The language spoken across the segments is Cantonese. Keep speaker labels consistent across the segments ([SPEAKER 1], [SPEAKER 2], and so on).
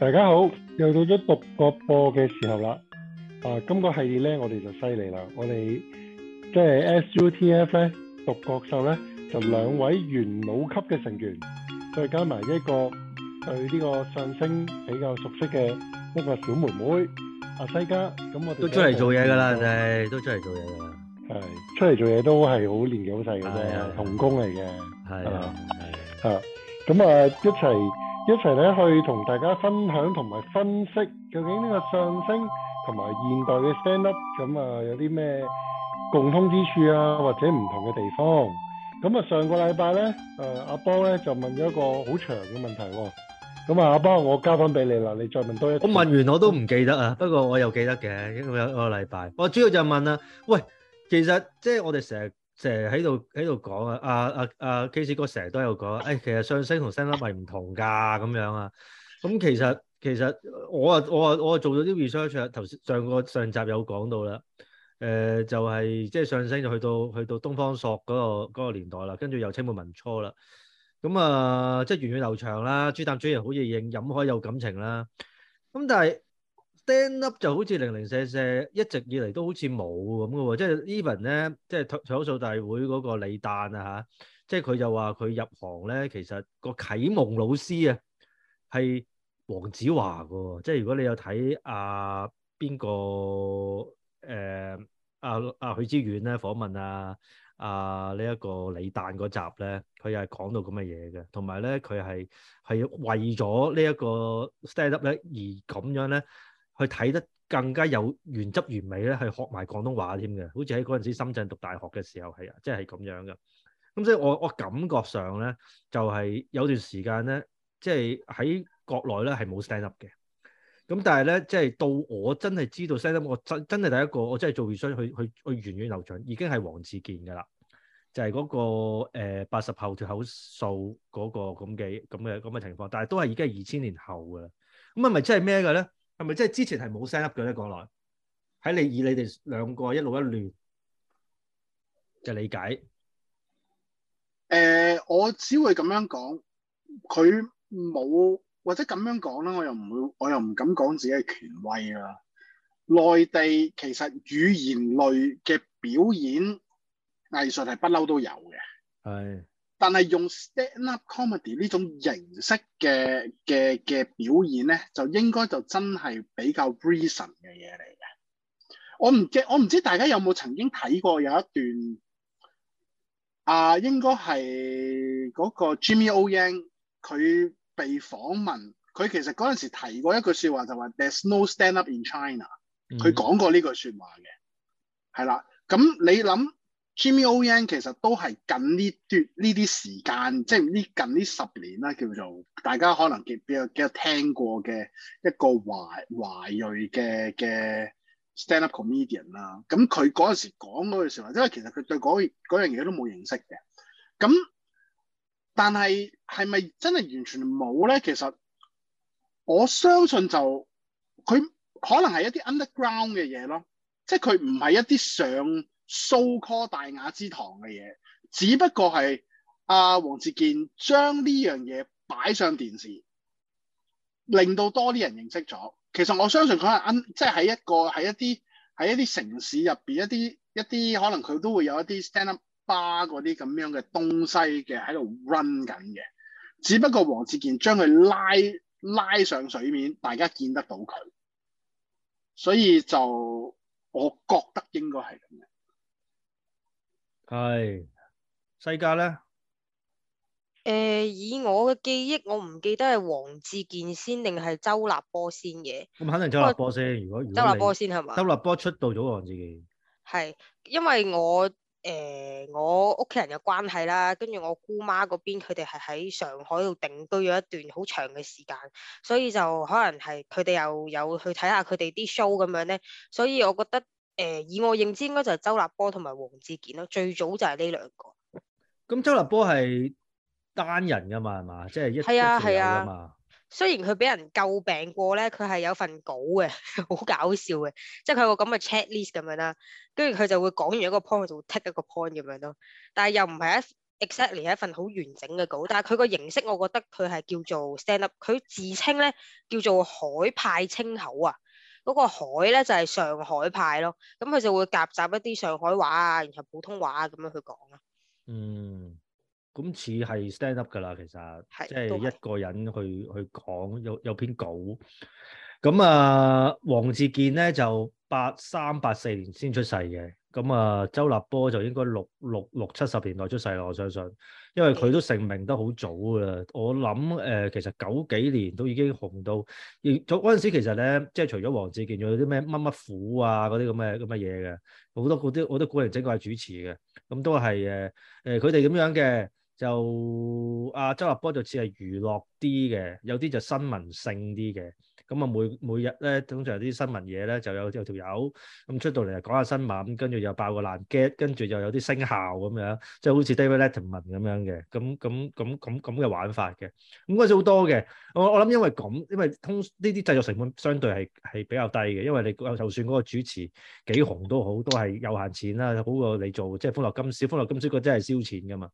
[SPEAKER 1] 大家好，又到咗獨角播嘅時候啦！啊，今個系列咧，我哋就犀利啦！我哋即係 SUTF 咧，獨角秀咧就兩位元老級嘅成員，再加埋一個對呢個相聲比較熟悉嘅一個小妹妹阿西嘉。咁我哋都出嚟做嘢噶啦，就係都出嚟做嘢啦。係出嚟做嘢都係好年紀好細嘅啫，童工嚟嘅係啊，啊咁啊一齊。一齊咧去同大家分享同埋分析，究竟呢個相聲同埋現代嘅 stand up，咁啊有啲咩共通之處啊，或者唔同嘅地方。咁啊上個禮拜咧，誒阿波咧就問咗一個好長嘅問題喎。咁啊阿波，我交翻俾你啦，你再問多一，我問完我
[SPEAKER 2] 都唔記得啊，不過我又記得嘅一個，一個禮拜我主要就問啊，喂其實即係我哋成成日喺度喺度講啊，阿阿阿 c s 哥成日都有講、啊，誒、哎、其實相聲，升同升粒咪唔同㗎咁樣啊。咁其實其實我啊我啊我做咗啲 research，頭上個上集有講到啦。誒、呃、就係即係相聲就去到去到東方朔嗰、嗰個嗰個年代啦，跟住又清末民初啦。咁、嗯、啊即係源遠流長啦，朱淡朱人好易認，飲開有感情啦。咁但係。Stand Up 就好似零零舍舍，一直以嚟都好似冇咁嘅喎。即係 Even 咧，即係吐槽大會嗰個李誕啊吓，即係佢就話佢入行咧，其實個啟蒙老師啊係黃子華嘅。即係如果你有睇啊，邊個誒阿阿許知遠咧訪問啊啊呢一個李誕嗰集咧，佢又係講到咁嘅嘢嘅，同埋咧佢係係為咗呢一個 stand up 咧而咁樣咧。去睇得更加有原汁原味咧，係學埋廣東話添嘅，好似喺嗰陣時深圳讀大學嘅時候係啊，即係咁樣嘅。咁即係我我感覺上咧，就係、是、有段時間咧，即係喺國內咧係冇 stand up 嘅。咁但係咧，即、就、係、是、到我真係知道 stand up，我真真係第一個我真係做 research 去去去,去源遠流長，已經係王自健㗎啦，就係、是、嗰、那個八十、呃、後脱口秀嗰、那個咁嘅咁嘅咁嘅情況。但係都係已經係二千年後嘅，咁係咪真係咩嘅咧？係咪即係之前係冇 send up 嘅咧？國內喺你以你哋兩個一路一亂嘅理解，
[SPEAKER 3] 誒、呃，我只會咁樣講，佢冇或者咁樣講咧，我又唔會，我又唔敢講自己嘅權威啊。內地其實語言類嘅表演藝術係不嬲都有嘅。係。但係用 stand-up comedy 呢種形式嘅嘅嘅表演咧，就應該就真係比較 reason 嘅嘢嚟嘅。我唔知我唔知大家有冇曾經睇過有一段啊，應該係嗰個 Jimmy O. Yang 佢被訪問，佢其實嗰陣時提過一句説話就說，就話 There's no stand-up in China。佢講過呢句説話嘅，係啦、mm。咁、hmm。你諗？Jimmy O Yang 其實都係近呢段呢啲時間，即係呢近呢十年啦，叫做大家可能幾比較幾有聽過嘅一個華華裔嘅嘅 stand up comedian 啦。咁佢嗰陣時講嗰句説話，因為其實佢對嗰、那個、樣嘢都冇認識嘅。咁但係係咪真係完全冇咧？其實我相信就佢可能係一啲 underground 嘅嘢咯，即係佢唔係一啲上。So-called 大雅之堂嘅嘢，只不過係阿黃志健，將呢樣嘢擺上電視，令到多啲人認識咗。其實我相信佢係即係喺一個喺一啲喺一啲城市入邊一啲一啲可能佢都會有一啲 stand up bar 嗰啲咁樣嘅東西嘅喺度 run 緊嘅。只不過黃志健將佢拉拉上水面，大家見得到佢，所以就我覺得應該係咁樣。
[SPEAKER 2] 係，世界咧？
[SPEAKER 4] 誒，以我嘅記憶，我唔記得係黃志健先定係周立波先嘅。
[SPEAKER 2] 咁肯定周立波先。如果周立波先係嘛？周立波出道早黃志健。
[SPEAKER 4] 係，因為我誒、呃、我屋企人嘅關係啦，跟住我姑媽嗰邊佢哋係喺上海度定居咗一段好長嘅時間，所以就可能係佢哋又有去睇下佢哋啲 show 咁樣咧，所以我覺得。誒以我認知應該就係周立波同埋黃志健咯，最早就係呢兩個。
[SPEAKER 2] 咁周立波係單人噶嘛，係、就是、嘛？即係一係啊係啊。
[SPEAKER 4] 雖然佢俾人詬病過咧，佢係有份稿嘅，好 搞笑嘅。即係佢有個咁嘅 checklist 咁樣啦，跟住佢就會講完一個 point，佢就會 tick 一個 point 咁樣咯。但係又唔係一 exactly 係一份好、exactly、完整嘅稿，但係佢個形式，我覺得佢係叫做 stand up。佢自稱咧叫做海派清口啊。嗰個海咧就係、是、上海派咯，咁佢就會夾雜一啲上海話啊，然後普通話啊咁樣去講咯。
[SPEAKER 2] 嗯，咁似係 stand up 噶啦，其實是即係一個人去是去講，有有篇稿。咁啊，王自健咧就八三八四年先出世嘅。咁啊，周立波就應該六六六七十年代出世啦，我相信，因為佢都成名得好早噶。我諗誒、呃，其實九幾年都已經紅到，而早嗰陣時其實咧，即係除咗黃志健，仲有啲咩乜乜虎啊，嗰啲咁嘅咁嘅嘢嘅，好多嗰啲好多古靈精怪係主持嘅，咁都係誒誒，佢哋咁樣嘅，就阿、啊、周立波就似係娛樂啲嘅，有啲就新聞性啲嘅。咁啊每每日咧，通常有啲新聞嘢咧就有有條友咁出到嚟，啊講下新聞，跟住又爆個爛 gag，跟住又有啲聲效咁樣，即係好似 David Letterman 咁樣嘅，咁咁咁咁咁嘅玩法嘅，咁嗰啲好多嘅。我我諗因為咁，因為通呢啲製作成本相對係係比較低嘅，因為你就算嗰個主持幾紅都好，都係有限錢啦，好過你做即係歡樂今宵，歡樂今宵個真係燒錢噶嘛。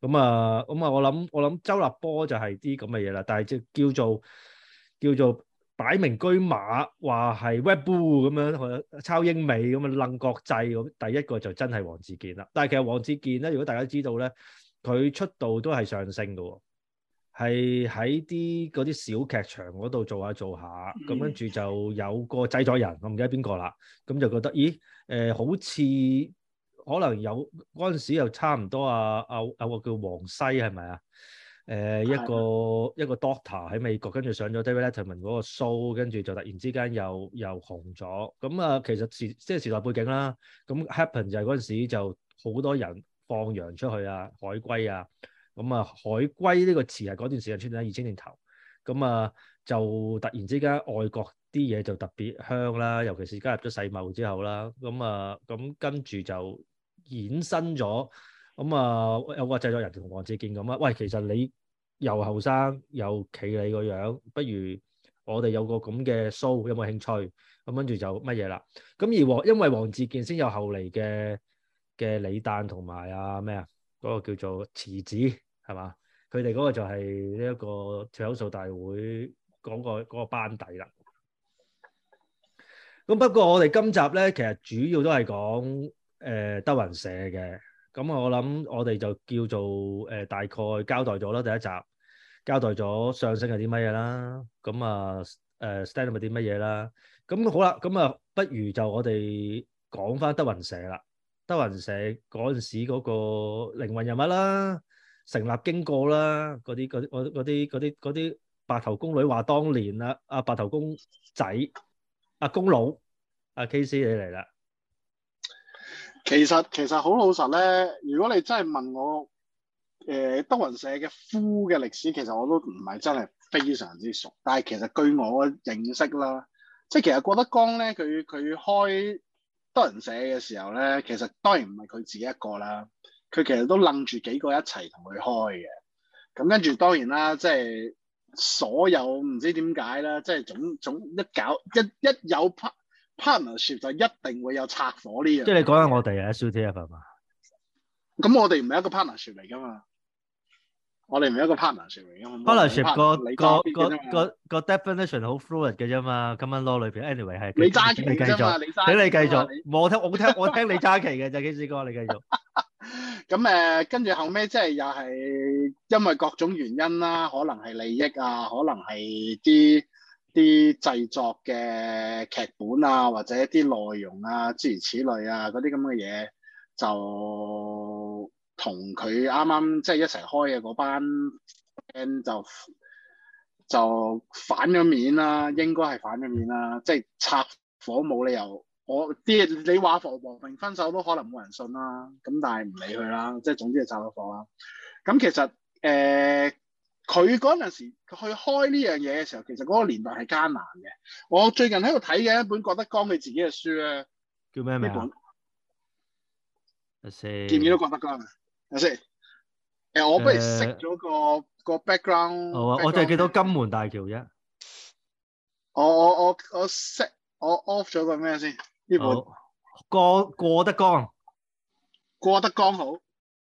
[SPEAKER 2] 咁啊咁啊，我諗我諗周立波就係啲咁嘅嘢啦，但係即叫做叫做。叫做叫做擺明車馬話係 Webbool 咁樣，抄英美咁樣，楞國際咁，第一個就真係黃志健啦。但係其實黃志健咧，如果大家知道咧，佢出道都係上升嘅，係喺啲嗰啲小劇場嗰度做下做下，咁跟住就有個製作人，我唔記得邊個啦，咁就覺得咦，誒、呃、好似可能有嗰陣時又差唔多啊啊啊個叫黃西係咪啊？啊誒、呃、一個的一個 doctor 喺美國，跟住上咗 David Letterman 嗰個 show，跟住就突然之間又又紅咗。咁啊，其實時即係時代背景啦。咁 happen 就係嗰陣時就好多人放羊出去啊，海歸啊。咁啊，海歸呢個詞係嗰段時間出現喺二千年頭。咁啊，就突然之間外國啲嘢就特別香啦，尤其是加入咗世貿之後啦。咁啊，咁跟住就衍生咗。咁啊，有個製作人同黃志健咁啊，喂，其實你又後生又企你個樣，不如我哋有個咁嘅 show，有冇興趣？咁跟住就乜嘢啦？咁而黃，因為黃志健先有後嚟嘅嘅李誕同埋啊咩啊，嗰、那個叫做池子係嘛？佢哋嗰個就係一個脫口秀大會講、那個嗰、那個班底啦。咁不過我哋今集咧，其實主要都係講誒德雲社嘅。咁、嗯、我諗我哋就叫做誒、呃、大概交代咗啦，第一集交代咗相聲係啲乜嘢啦，咁啊誒 stand 係啲乜嘢啦。咁、嗯、好啦，咁、嗯、啊不如就我哋講翻德雲社啦，德雲社嗰陣時嗰個靈魂人物啦，成立經過啦，嗰啲嗰啲嗰啲嗰啲嗰啲白頭宮女話當年啦，阿、啊、白頭公仔，阿、啊、公佬，阿、啊、K C 你嚟啦。
[SPEAKER 3] 其實其實好老實咧，如果你真係問我，誒德雲社嘅夫嘅歷史，其實我都唔係真係非常之熟。但係其實據我認識啦，即係其實郭德綱咧，佢佢開德雲社嘅時候咧，其實當然唔係佢自己一個啦，佢其實都楞住幾個一齊同佢開嘅。咁跟住當然啦，即係所有唔知點解啦，即係總總一搞一一有 part。partnership 就一定會有拆夥呢樣。即係你
[SPEAKER 2] 講緊我哋係 SUTF 係嘛？
[SPEAKER 3] 咁我哋唔係一個 partnership 嚟噶嘛？我哋唔係一個 partnership 嚟噶。 partnership 個、那個
[SPEAKER 2] 個個 definition 好 fluid 嘅啫嘛。咁樣攞裏邊 anyway 係。你揸旗繼續。俾你繼續。我聽我聽我聽你揸旗嘅就基斯哥你繼續。
[SPEAKER 3] 咁誒、 呃，跟住後尾即係又係因為各種原因啦，可能係利益啊，可能係啲。啲製作嘅劇本啊，或者一啲內容啊，諸如此類啊，嗰啲咁嘅嘢就同佢啱啱即係一齊開嘅嗰班 friend 就就反咗面啦、啊，應該係反咗面啦、啊，即、就、係、是、拆夥冇理由，我啲你話馮博平分手都可能冇人信啦、啊，咁但係唔理佢啦、即、就、係、是、總之係拆咗夥啦、啊。咁其實誒。呃佢嗰陣時佢去開呢樣嘢嘅時候，其實嗰個年代係艱難嘅。我最近喺度睇嘅一本郭德綱佢自己嘅書咧，叫咩名？阿本 Sir，say. 見唔見到郭德綱啊？阿 Sir，誒，我不如識熄咗個、呃、個 background。好啊、景我我凈係記得
[SPEAKER 2] 金門大橋啫。
[SPEAKER 3] 我我我我識熄我 off 咗個咩先？
[SPEAKER 2] 呢本郭郭德綱，
[SPEAKER 3] 郭德綱好，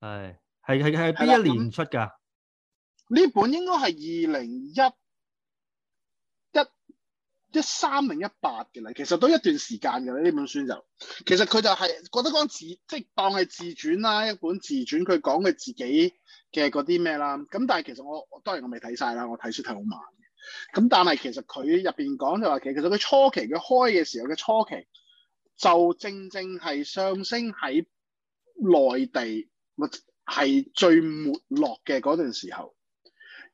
[SPEAKER 2] 係係係係邊一年出㗎的？的
[SPEAKER 3] 呢本應該係二零一一一三零一八嘅啦，其實都一段時間嘅啦。呢本書就其實佢就係、是、覺得講自即係當係自傳啦，一本自傳佢講佢自己嘅嗰啲咩啦。咁但係其實我當然我未睇晒啦，我睇書睇好慢嘅。咁但係其實佢入邊講就話其實佢初期佢開嘅時候嘅初期就正正係上升喺內地，係最沒落嘅嗰段時候。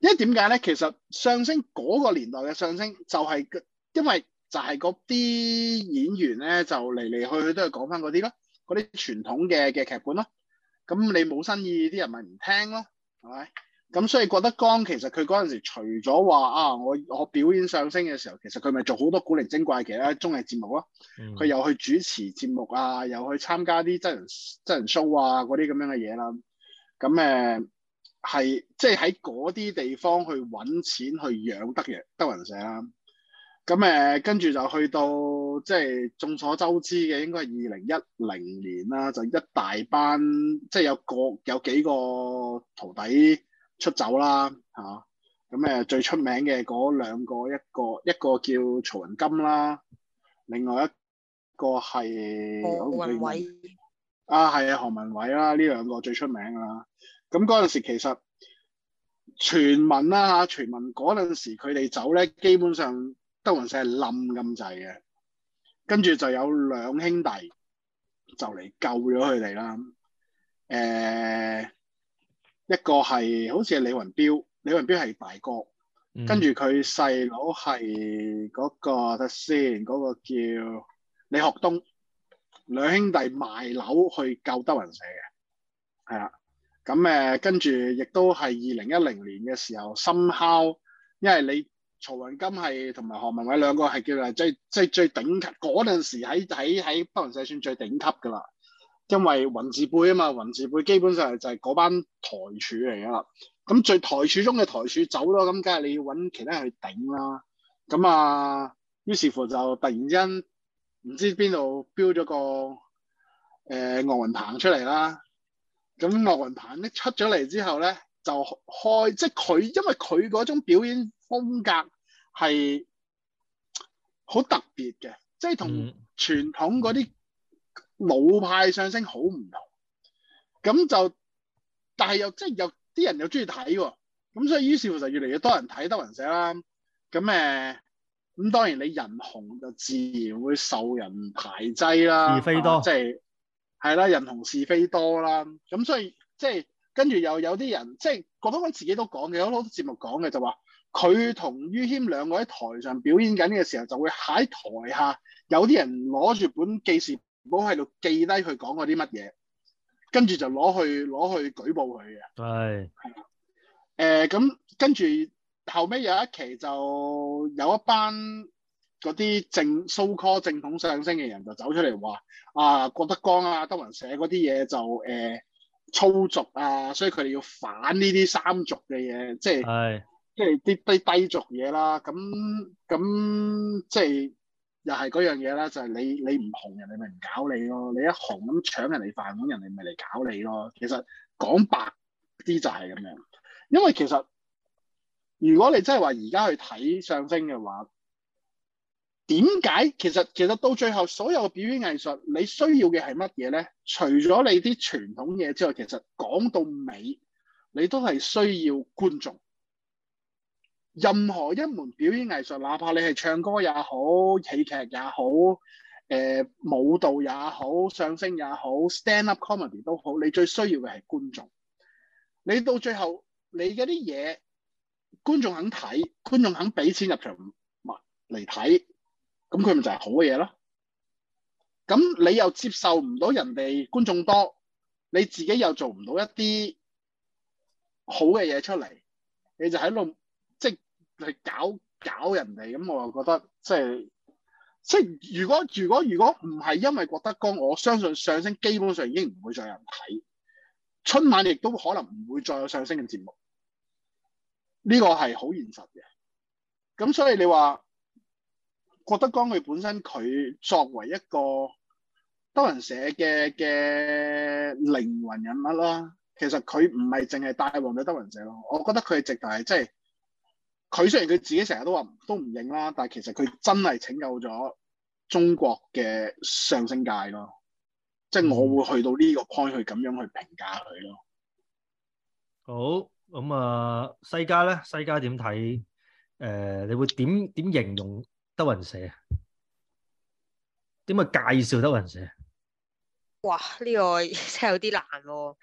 [SPEAKER 3] 因為點解咧？其實相聲嗰個年代嘅相聲就係，因為就係嗰啲演員咧就嚟嚟去去，都係講翻嗰啲咯，嗰啲傳統嘅嘅劇本咯。咁你冇新意，啲人咪唔聽咯，係咪？咁所以郭德綱其實佢嗰陣時除咗話啊，我我表演相聲嘅時候，其實佢咪做好多古靈精怪嘅啦，其他綜藝節目咯。佢，嗯、又去主持節目啊，又去參加啲真人真人 show 啊，嗰啲咁樣嘅嘢啦。咁誒。呃係即係喺嗰啲地方去搵錢去養德，德人德雲社啦，咁誒跟住就去到即係眾所周知嘅，應該係二零一零年啦，就一大班即係、就是、有個有幾個徒弟出走啦吓，咁、啊、誒最出名嘅嗰兩個一個一個叫曹雲金啦，另外一個係何文偉啊，係啊何文偉啦，呢兩個最出名噶啦。咁嗰陣時，其實傳聞啦嚇，傳聞嗰陣時佢哋走咧，基本上德雲社係冧咁滯嘅。跟住就有兩兄弟就嚟救咗佢哋啦。誒、呃，一個係好似係李雲彪，李雲彪係大哥，跟住佢細佬係嗰個得先，嗰、嗰個叫李學東。兩兄弟賣樓去救德雲社嘅，係啦。咁誒、嗯，跟住亦都係二零一零年嘅時候，深烤。因為你曹雲金係同埋何文偉兩個係叫做即即最頂級，嗰陣時喺喺喺北雲社算最頂級噶啦，因為雲字輩啊嘛，雲字輩基本上就係嗰班台柱嚟噶啦，咁最台柱中嘅台柱走咗，咁梗係你要揾其他人去頂啦。咁啊，於是乎就突然之間唔知邊度標咗個誒岳雲鵬出嚟啦。咁岳雲鵬咧出咗嚟之後咧就開，即係佢因為佢嗰種表演風格係好特別嘅，即係同傳統嗰啲老派相聲好唔同。咁就，但係又即係有啲人又中意睇喎，咁所以於是乎就越嚟越多人睇德雲社啦。咁誒，咁當然你人紅就自然會受人排擠啦，是非多，即係、啊。就是係啦，人紅是非多啦，咁所以即係跟住又有啲人即係郭德綱自己都講嘅，好多節目講嘅就話，佢同于謙兩個喺台上表演緊嘅時候，就會喺台下有啲人攞住本記事簿喺度記低佢講過啲乜嘢，跟住就攞去攞去舉報佢嘅。係係誒，咁跟住後尾有一期就有一班。嗰啲正蘇科、so、正統相聲嘅人就走出嚟話啊，郭德綱啊，德雲社嗰啲嘢就誒、呃、粗俗啊，所以佢哋要反呢啲三俗嘅嘢，即係即係啲低低、低俗嘢啦。咁咁即係又係嗰樣嘢啦，就係、是、你你唔紅，人哋咪唔搞你咯。你一紅咁搶人哋飯，咁人哋咪嚟搞你咯。其實講白啲就係咁樣，因為其實如果你真係話而家去睇相聲嘅話，點解其實其實到最後，所有嘅表演藝術你需要嘅係乜嘢咧？除咗你啲傳統嘢之外，其實講到尾，你都係需要觀眾。任何一門表演藝術，哪怕你係唱歌也好、戲劇也好、誒、呃、舞蹈也好、相聲也好、stand up comedy 都好，你最需要嘅係觀眾。你到最後，你嗰啲嘢，觀眾肯睇，觀眾肯俾錢入場嚟睇。咁佢咪就係好嘅嘢咯？咁你又接受唔到人哋觀眾多，你自己又做唔到一啲好嘅嘢出嚟，你就喺度即係搞搞人哋。咁我又覺得即係即係如果如果如果唔係因為郭德綱，我相信相聲基本上已經唔會再有人睇春晚，亦都可能唔會再有相聲嘅節目。呢個係好現實嘅。咁所以你話，郭德綱佢本身佢作為一個德雲社嘅嘅靈魂人物啦，其實佢唔係淨係帶旺咗德雲社咯，我覺得佢係直大即係佢雖然佢自己成日都話都唔認啦，但係其實佢真係拯救咗中國嘅相聲界咯，即係我會去到呢個 point 去咁樣去評價佢咯。
[SPEAKER 2] 好，咁啊西家咧，西家點睇？誒、呃，你會點點形容？德雲社呀，點解介紹德雲社
[SPEAKER 4] 哇？呢、這個真係有啲難喎、啊。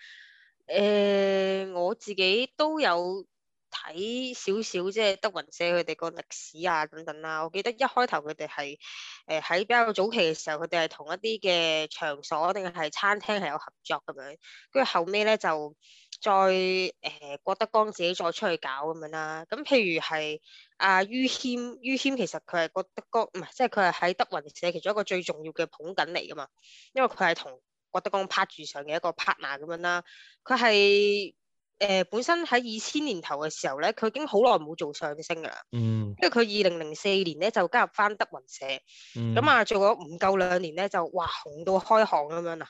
[SPEAKER 4] 誒、呃，我自己都有睇少少，即係德雲社佢哋個歷史啊，等等啦、啊。我記得一開頭佢哋係誒喺比較早期嘅時候，佢哋係同一啲嘅場所定係餐廳係有合作咁樣，跟住後尾咧就。再誒、呃、郭德綱自己再出去搞咁樣啦，咁譬如係阿於謙，於謙其實佢係郭德綱唔係，即係佢係喺德雲社其中一個最重要嘅捧緊嚟噶嘛，因為佢係同郭德綱拍住上嘅一個 partner 咁樣啦。佢係誒本身喺二千年頭嘅時候咧，佢已經好耐冇做相升相聲噶啦，因為佢二零零四年咧就加入翻德雲社，咁、嗯、啊做咗唔夠兩年咧就哇紅到開行咁樣啦。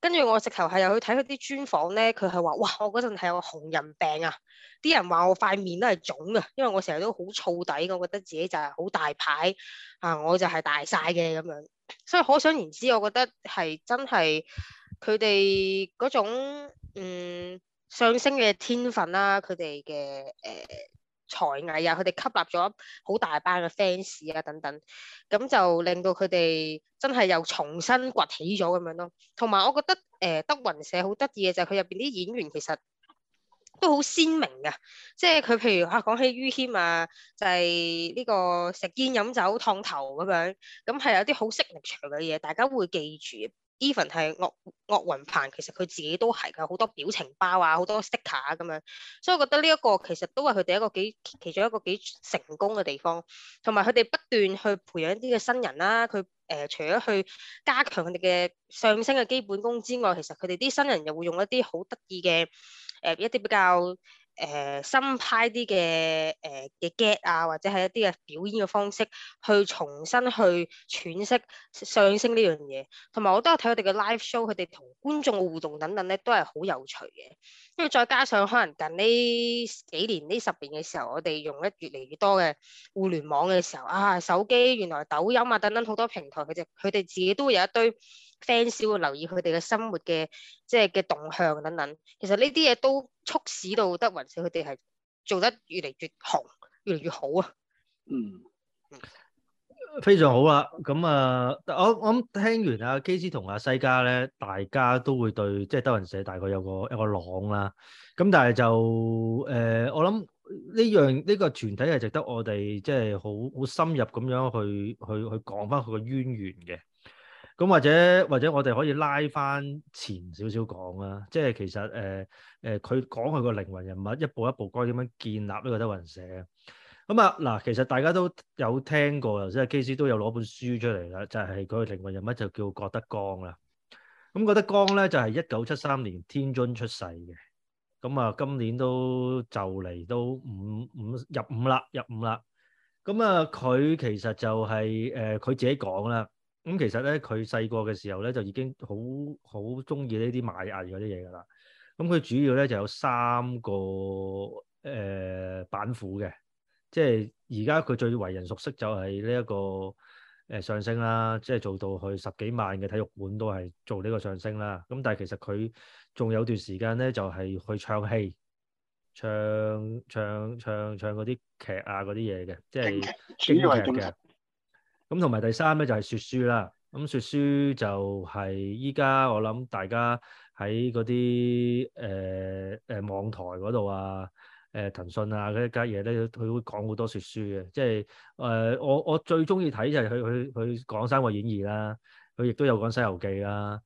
[SPEAKER 4] 跟住我直頭係又去睇佢啲專訪咧，佢係話：哇！我嗰陣係有紅人病啊，啲人話我塊面都係腫啊，因為我成日都好燥底，我覺得自己就係好大牌嚇、啊，我就係大晒嘅咁樣。所以可想而知，我覺得係真係佢哋嗰種嗯相聲嘅天分啦、啊，佢哋嘅誒。呃才藝啊，佢哋吸納咗好大班嘅 fans 啊，等等，咁就令到佢哋真係又重新崛起咗咁樣咯。同埋我覺得誒、呃、德雲社好得意嘅就係佢入邊啲演員其實都好鮮明㗎，即係佢譬如話講起于謙啊，就係、是、呢個食煙飲酒燙頭咁樣，咁係有啲好識力場嘅嘢，大家會記住。Even 係岳岳雲鵬，其實佢自己都係㗎，好多表情包啊，好多 sticker 啊咁樣，所以我覺得呢一個其實都係佢哋一個幾其中一個幾成功嘅地方，同埋佢哋不斷去培養一啲嘅新人啦、啊。佢誒、呃、除咗去加強佢哋嘅相聲嘅基本功之外，其實佢哋啲新人又會用一啲好得意嘅誒一啲比較。誒新、呃、派啲嘅誒嘅 get 啊，或者係一啲嘅表演嘅方式，去重新去喘息上升呢樣嘢，同埋我都有睇佢哋嘅 live show，佢哋同觀眾嘅互動等等咧，都係好有趣嘅。因為再加上可能近呢幾年呢十年嘅時候，我哋用得越嚟越多嘅互聯網嘅時候啊，手機原來抖音啊等等好多平台，佢哋佢哋自己都有一堆。fans 會留意佢哋嘅生活嘅即係嘅動向等等，其實呢啲嘢都促使到德雲社佢哋係做得越嚟越紅，越嚟越好啊！嗯，
[SPEAKER 2] 非常好啦，咁啊，我我諗聽完阿 KC 同阿西家咧，大家都會對即係德雲社大概有個一個囊啦。咁但係就誒，我諗呢樣呢個團體係值得我哋即係好好深入咁樣去去去講翻佢個淵源嘅。咁或者或者我哋可以拉翻前少少講啦，即係其實誒誒佢講佢個靈魂人物一步一步該點樣建立呢個德雲社啊？咁啊嗱，其實大家都有聽過，頭先 KC 都有攞本書出嚟啦，就係佢個靈魂人物就叫郭德綱啦。咁郭德綱咧就係一九七三年天津出世嘅，咁啊今年都就嚟都五五入五啦，入五啦。咁啊佢其實就係誒佢自己講啦。咁、嗯、其實咧，佢細個嘅時候咧，就已經好好中意呢啲賣藝嗰啲嘢噶啦。咁、嗯、佢主要咧就有三個誒、呃、板斧嘅，即係而家佢最為人熟悉就係呢一個誒、呃、相聲啦，即係做到去十幾萬嘅體育館都係做呢個相聲啦。咁、嗯、但係其實佢仲有段時間咧，就係、是、去唱戲、唱唱唱唱嗰啲劇啊嗰啲嘢嘅，即係京劇嘅。咁同埋第三咧就係說書啦，咁、嗯、說書就係依家我諗大家喺嗰啲誒誒網台嗰度啊，誒、呃、騰訊啊嗰啲家嘢咧，佢會講好多說書嘅，即係誒、呃、我我最中意睇就係佢佢佢講《三國演義》啦，佢亦都有講《西遊記》啦，誒、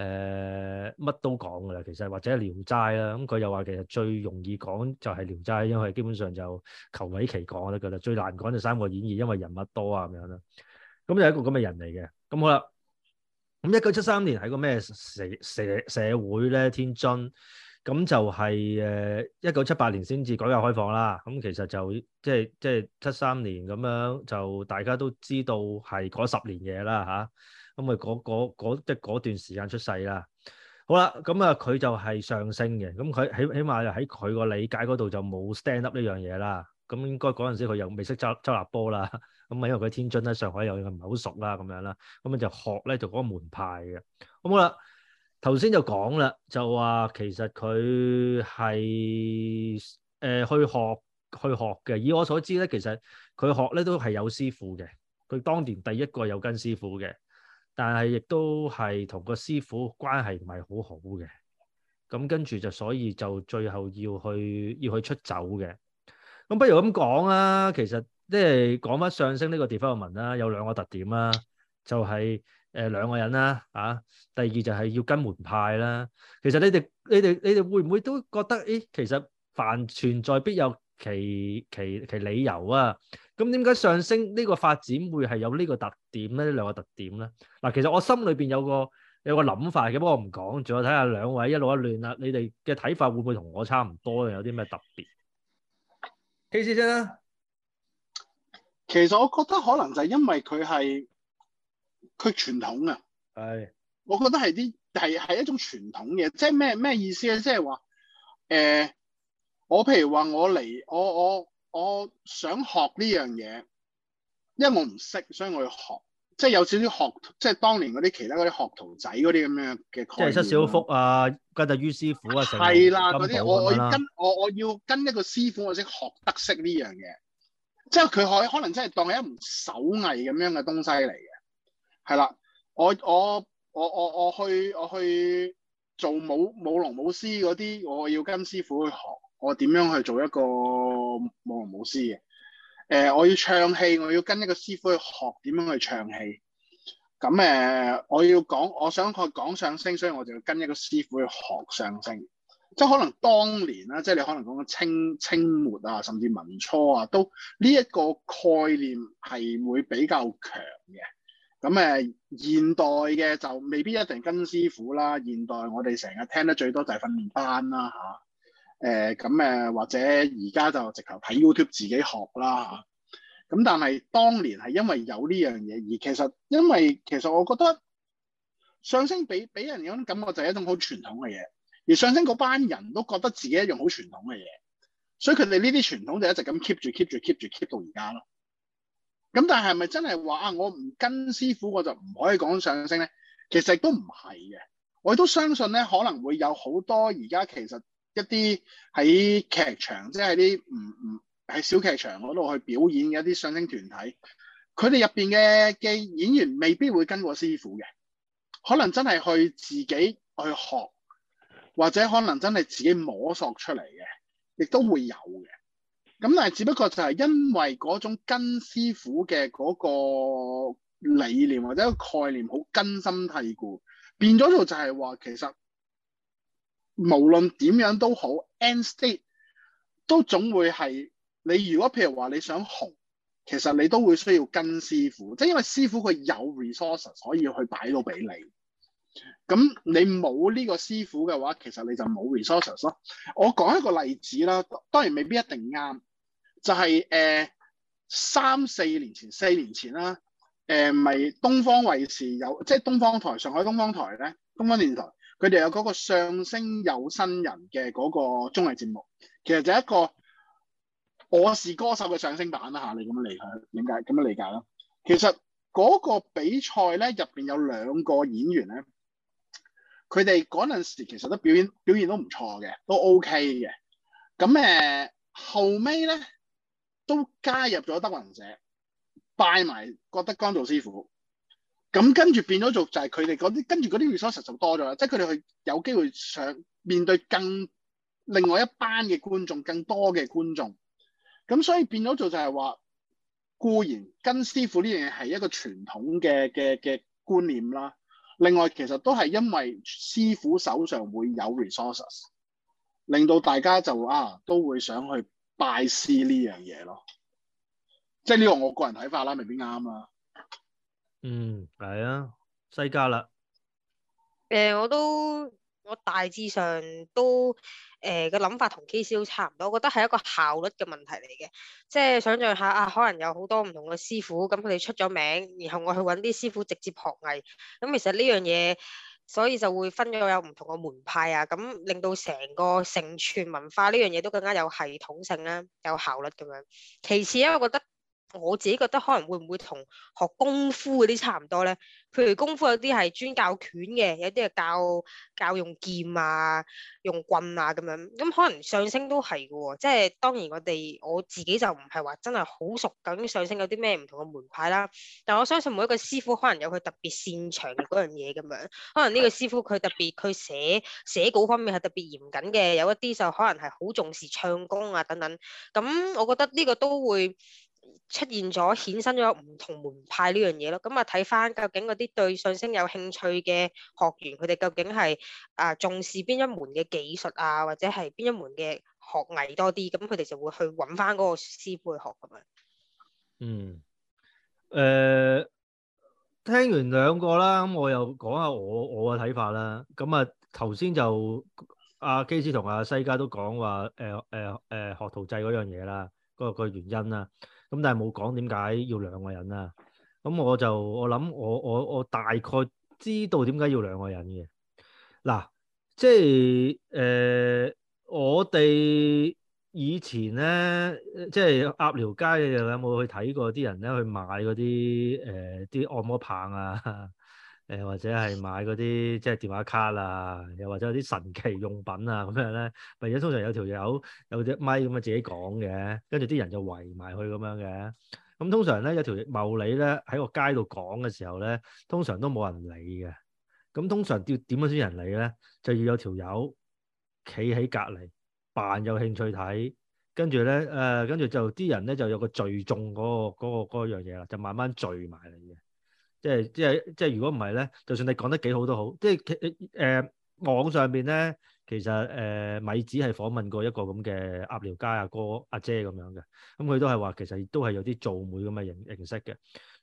[SPEAKER 2] 呃、乜都講噶啦，其實或者係《聊齋》啦，咁、嗯、佢又話其實最容易講就係《聊齋》，因為基本上就求尾奇講得噶啦，最難講就《三國演義》，因為人物多啊咁樣啦。咁就一個咁嘅人嚟嘅，咁好啦。咁一九七三年喺個咩社社社會咧？天津，咁就係誒一九七八年先至改革開放啦。咁其實就即係即係七三年咁樣，就大家都知道係嗰十年嘢啦，吓。咁啊，嗰即係段時間出世啦。好啦，咁啊，佢就係上升嘅。咁佢起起碼喺佢個理解嗰度就冇 stand up 呢樣嘢啦。咁應該嗰陣時佢又未識周周立波啦。咁啊，因為佢天津咧、上海又唔係好熟啦，咁樣啦，咁樣就學咧，就嗰個門派嘅。咁好啦，頭先就講啦，就話其實佢係誒去學去學嘅。以我所知咧，其實佢學咧都係有師傅嘅。佢當年第一個有跟師傅嘅，但係亦都係同個師傅關係唔係好好嘅。咁跟住就所以就最後要去要去出走嘅。咁不如咁講啦，其實。即係講翻相聲呢個 development 啦，有兩個特點啦，就係誒兩個人啦，啊，第二就係要跟門派啦。其實你哋你哋你哋會唔會都覺得，咦？其實凡存在必有其其其理由啊。咁點解相聲呢個發展會係有呢個特點咧？呢兩個特點咧，嗱，其實我心裏邊有個有個諗法嘅，不過我唔講，仲有睇下兩位一老一嫩啦，你哋嘅睇法會唔會同我差唔多？有啲咩特別
[SPEAKER 3] ？K 先生。其實我覺得可能就係因為佢係佢傳統啊，係的，我覺得係啲係係一種傳統嘅，即係咩咩意思咧？即係話，誒、呃，我譬如話我嚟，我我我想學呢樣嘢，因為我唔識，所以我要學，即係有少少學，即係當年嗰啲其他嗰啲學徒仔嗰啲咁樣嘅，即係七小福
[SPEAKER 2] 啊，歸得于師傅啊，係啦的，嗰啲金堡 我我要跟、
[SPEAKER 3] 啊、我我要跟一個師傅，我先學得識呢樣嘢。即係佢可可能真係當係一門手藝咁樣嘅東西嚟嘅，係啦。我我我我我去我去做舞舞龍舞獅嗰啲，我要跟師傅去學我點樣去做一個舞龍舞獅嘅。誒、呃，我要唱戲，我要跟一個師傅去學點樣去唱戲。咁誒、呃，我要講，我想佢講相聲，所以我就要跟一個師傅去學相聲。即可能當年啦，即係你可能講緊清清末啊，甚至民初啊，都呢一、這個概念係會比較強嘅。咁誒、呃、現代嘅就未必一定跟師傅啦。現代我哋成日聽得最多就係訓練班啦嚇。誒咁誒或者而家就直頭睇 YouTube 自己學啦嚇。咁、啊、但係當年係因為有呢樣嘢而其實因為其實我覺得相聲比俾人嗰種感覺就係一種好傳統嘅嘢。而相聲嗰班人都覺得自己一樣好傳統嘅嘢，所以佢哋呢啲傳統就一直咁 keep 住、keep 住、keep 住、keep 到而家咯。咁但係係咪真係話我唔跟師傅，我就唔可以講相聲咧？其實都唔係嘅。我亦都相信咧，可能會有好多而家其實一啲喺劇場，即係啲唔唔喺小劇場嗰度去表演嘅一啲相聲團體，佢哋入邊嘅嘅演員未必會跟過師傅嘅，可能真係去自己去學。或者可能真係自己摸索出嚟嘅，亦都會有嘅。咁但係只不過就係因為嗰種跟師傅嘅嗰個理念或者概念好根深蒂固，變咗做就係話其實無論點樣都好，end state 都總會係你。如果譬如話你想紅，其實你都會需要跟師傅，即係因為師傅佢有 resource 所以去擺到俾你。咁你冇呢個師傅嘅話，其實你就冇 resources 咯。我講一個例子啦，當然未必一定啱，就係誒三四年前，四年前啦，誒、呃、咪東方衛視有即係、就是、東方台、上海東方台咧，東方電視台佢哋有嗰個相聲有新人嘅嗰個綜藝節目，其實就一個我是歌手嘅相聲版啦。吓，你咁樣理解，點解咁樣理解咯？其實嗰個比賽咧，入邊有兩個演員咧。佢哋嗰陣時其實都表演表現都唔錯嘅，都 OK 嘅。咁誒後尾咧都加入咗德雲社，拜埋郭德綱做師傅。咁跟住變咗做就係佢哋嗰啲跟住嗰啲 resource 就多咗啦，即係佢哋去有機會想面對更另外一班嘅觀眾，更多嘅觀眾。咁所以變咗做就係話，固然跟師傅呢樣嘢係一個傳統嘅嘅嘅觀念啦。另外，其實都係因為師傅手上會有 resources，令到大家就啊都會想去拜師呢樣嘢咯。即係呢個我個人睇法啦，未必啱、嗯、啊。嗯，
[SPEAKER 2] 係啊，世家啦。
[SPEAKER 4] 誒，我都。我大致上都誒個諗法同 KC 差唔多，我覺得係一個效率嘅問題嚟嘅。即係想像下啊，可能有好多唔同嘅師傅，咁佢哋出咗名，然後我去揾啲師傅直接學藝。咁、嗯、其實呢樣嘢，所以就會分咗有唔同嘅門派啊，咁、嗯、令到成個承傳文化呢樣嘢都更加有系統性啦，有效率咁樣。其次因為，我覺得。我自己覺得可能會唔會同學功夫嗰啲差唔多咧？譬如功夫有啲係專教拳嘅，有啲係教教用劍啊、用棍啊咁樣。咁可能相聲都係嘅喎，即係當然我哋我自己就唔係話真係好熟究竟相聲有啲咩唔同嘅門派啦。但我相信每一個師傅可能有佢特別擅長嘅嗰樣嘢咁樣。可能呢個師傅佢特別佢寫寫稿方面係特別嚴謹嘅，有一啲就可能係好重視唱功啊等等。咁我覺得呢個都會。出現咗衍生咗唔同門派呢樣嘢咯，咁啊睇翻，究竟嗰啲對相聲有興趣嘅學員，佢哋究竟係啊、呃、重視邊一門嘅技術啊，或者係邊一門嘅學藝多啲，咁佢哋就會去揾翻嗰個師傅去學咁樣。嗯，
[SPEAKER 2] 誒、呃，聽完兩個啦，咁我又講下我我嘅睇法啦。咁啊頭先就阿基師同阿西家都講話，誒誒誒，學徒制嗰樣嘢啦，嗰個、嗰個原因啦。咁但係冇講點解要兩個人啦、啊。咁我就我諗我我我大概知道點解要兩個人嘅。嗱，即係誒、呃，我哋以前咧，即係鴨寮街嘅，你有冇去睇過啲人咧去買嗰啲誒啲按摩棒啊？ 誒或者係買嗰啲即係電話卡啊，又或者有啲神奇用品啊咁樣咧，或者通常有條友有隻咪咁樣自己講嘅，跟住啲人就圍埋佢咁樣嘅。咁、嗯、通常咧有條茂利咧喺個街度講嘅時候咧，通常都冇人理嘅。咁、嗯、通常要點樣先人理咧？就要有條友企喺隔離扮有興趣睇，跟住咧誒，跟住就啲人咧就有個聚眾嗰、嗰個嗰樣嘢啦，就慢慢聚埋嚟嘅。即係即係即係，即如果唔係咧，就算你講得幾好都好，即係誒、呃、網上邊咧，其實誒、呃、米子係訪問過一個咁嘅鴨寮街阿哥阿姐咁樣嘅，咁、嗯、佢都係話其實都係有啲做媒咁嘅形形式嘅。咁、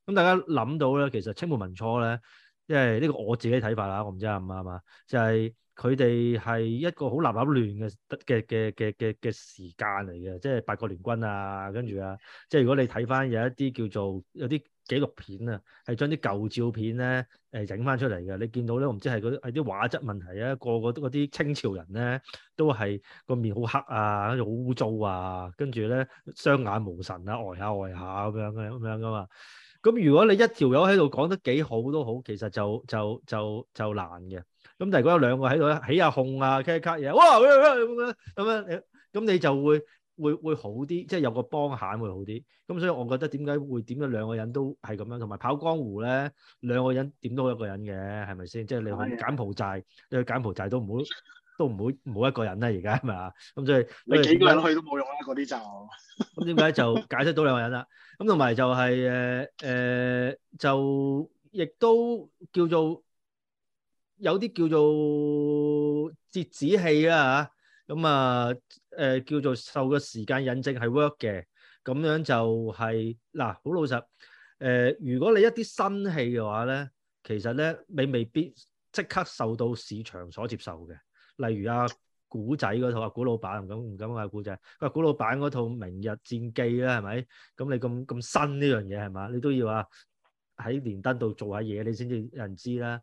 [SPEAKER 2] 嗯、大家諗到咧，其實清末民初咧，即係呢個我自己睇法啦，我唔知啱唔啱啊，就係、是。佢哋係一個好立立亂嘅嘅嘅嘅嘅時間嚟嘅，即係八國聯軍啊，跟住啊，即係如果你睇翻有一啲叫做有啲紀錄片啊，係將啲舊照片咧誒整翻出嚟嘅，你見到咧，我唔知係嗰係啲畫質問題啊，個個都嗰啲清朝人咧都係個面好黑啊，跟住好污糟啊，跟住咧雙眼無神啊，呆下呆下咁樣嘅咁樣噶嘛。咁如果你一條友喺度講得幾好都好，其實就就就就，就，就，就，就難嘅。咁但係如果有兩個喺度咧，起下控啊，cut cut 嘢，哇咁樣咁樣，咁你就會會會好啲，即係有個幫閒會好啲。咁所以我覺得點解會點解兩個人都係咁樣，同埋跑江湖咧，兩個人點都好一個人嘅，係咪先？即係你去柬埔寨，你去柬埔寨都唔好都唔好冇一個人啦。而家係咪啊？咁所以你幾個人去都
[SPEAKER 3] 冇用啦。嗰啲就
[SPEAKER 2] 咁點解就解釋到兩個人啦。咁同埋就係誒誒，就亦都叫做。有啲叫做折子戲啊，咁啊，誒、呃，叫做受個時間引證係 work 嘅，咁樣就係、是、嗱，好、啊、老實，誒、呃，如果你一啲新戲嘅話咧，其實咧你未必即刻受到市場所接受嘅。例如啊，古仔嗰套啊，古老闆，唔敢唔敢話古仔，佢古老闆嗰套《明日戰記、啊》咧，係咪？咁你咁咁新呢樣嘢係嘛？你都要啊喺連登度做下嘢，你先至有人知啦、啊。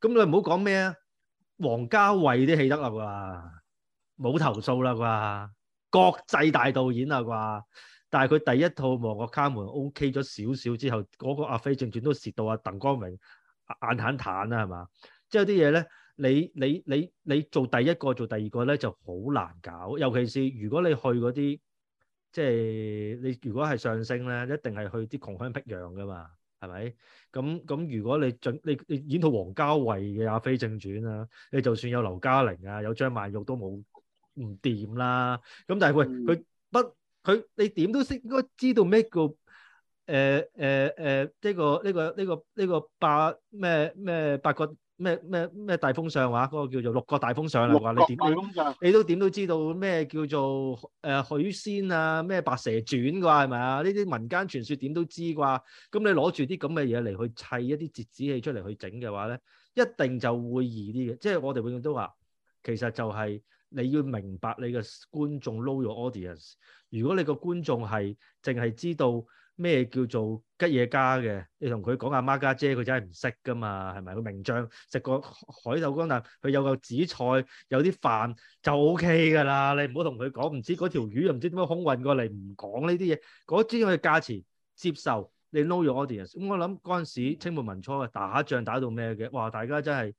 [SPEAKER 2] 咁你唔好講咩啊？王家衛啲戲得啦啩，冇投訴啦啩，國際大導演啦啩。但係佢第一套《旺角卡門》O K 咗少少之後，嗰個《阿飛正傳》都蝕到阿鄧光榮眼坦坦啦，係嘛？即係啲嘢咧，你你你你做第一個做第二個咧就好難搞，尤其是如果你去嗰啲即係你如果係上升咧，一定係去啲窮鄉僻壤噶嘛。係咪？咁咁如果你準你，你演套王家衞嘅《阿飛正傳》啊，你就算有劉嘉玲啊，有張曼玉都冇唔掂啦。咁但係喂，佢不佢你點都識應該知道咩叫誒誒誒呢個呢、呃呃這個呢、這個呢、這個這個這個八咩咩八個？咩咩咩大風尚話嗰個叫做六國大封相啦六，你點都你都點都知道咩叫做誒、呃、許仙啊咩白蛇傳啩係咪啊？呢啲民間傳說點都知啩。咁你攞住啲咁嘅嘢嚟去砌一啲折子戲出嚟去整嘅話咧，一定就會易啲嘅。即係我哋永遠都話，其實就係你要明白你嘅觀眾 know your audience。 如果你個觀眾係淨係知道咩叫做吉野家嘅？你同佢講阿媽家姐，佢真係唔識噶嘛？係咪？佢名將食個海豆乾，但佢有嚿紫菜，有啲飯就 OK 㗎啦。你唔好同佢講，唔知嗰條魚又唔知點樣空運過嚟，唔講呢啲嘢。嗰啲嘅價錢接受，你 know your audience。咁我諗嗰陣時清末民初打仗打到咩嘅？哇！大家真係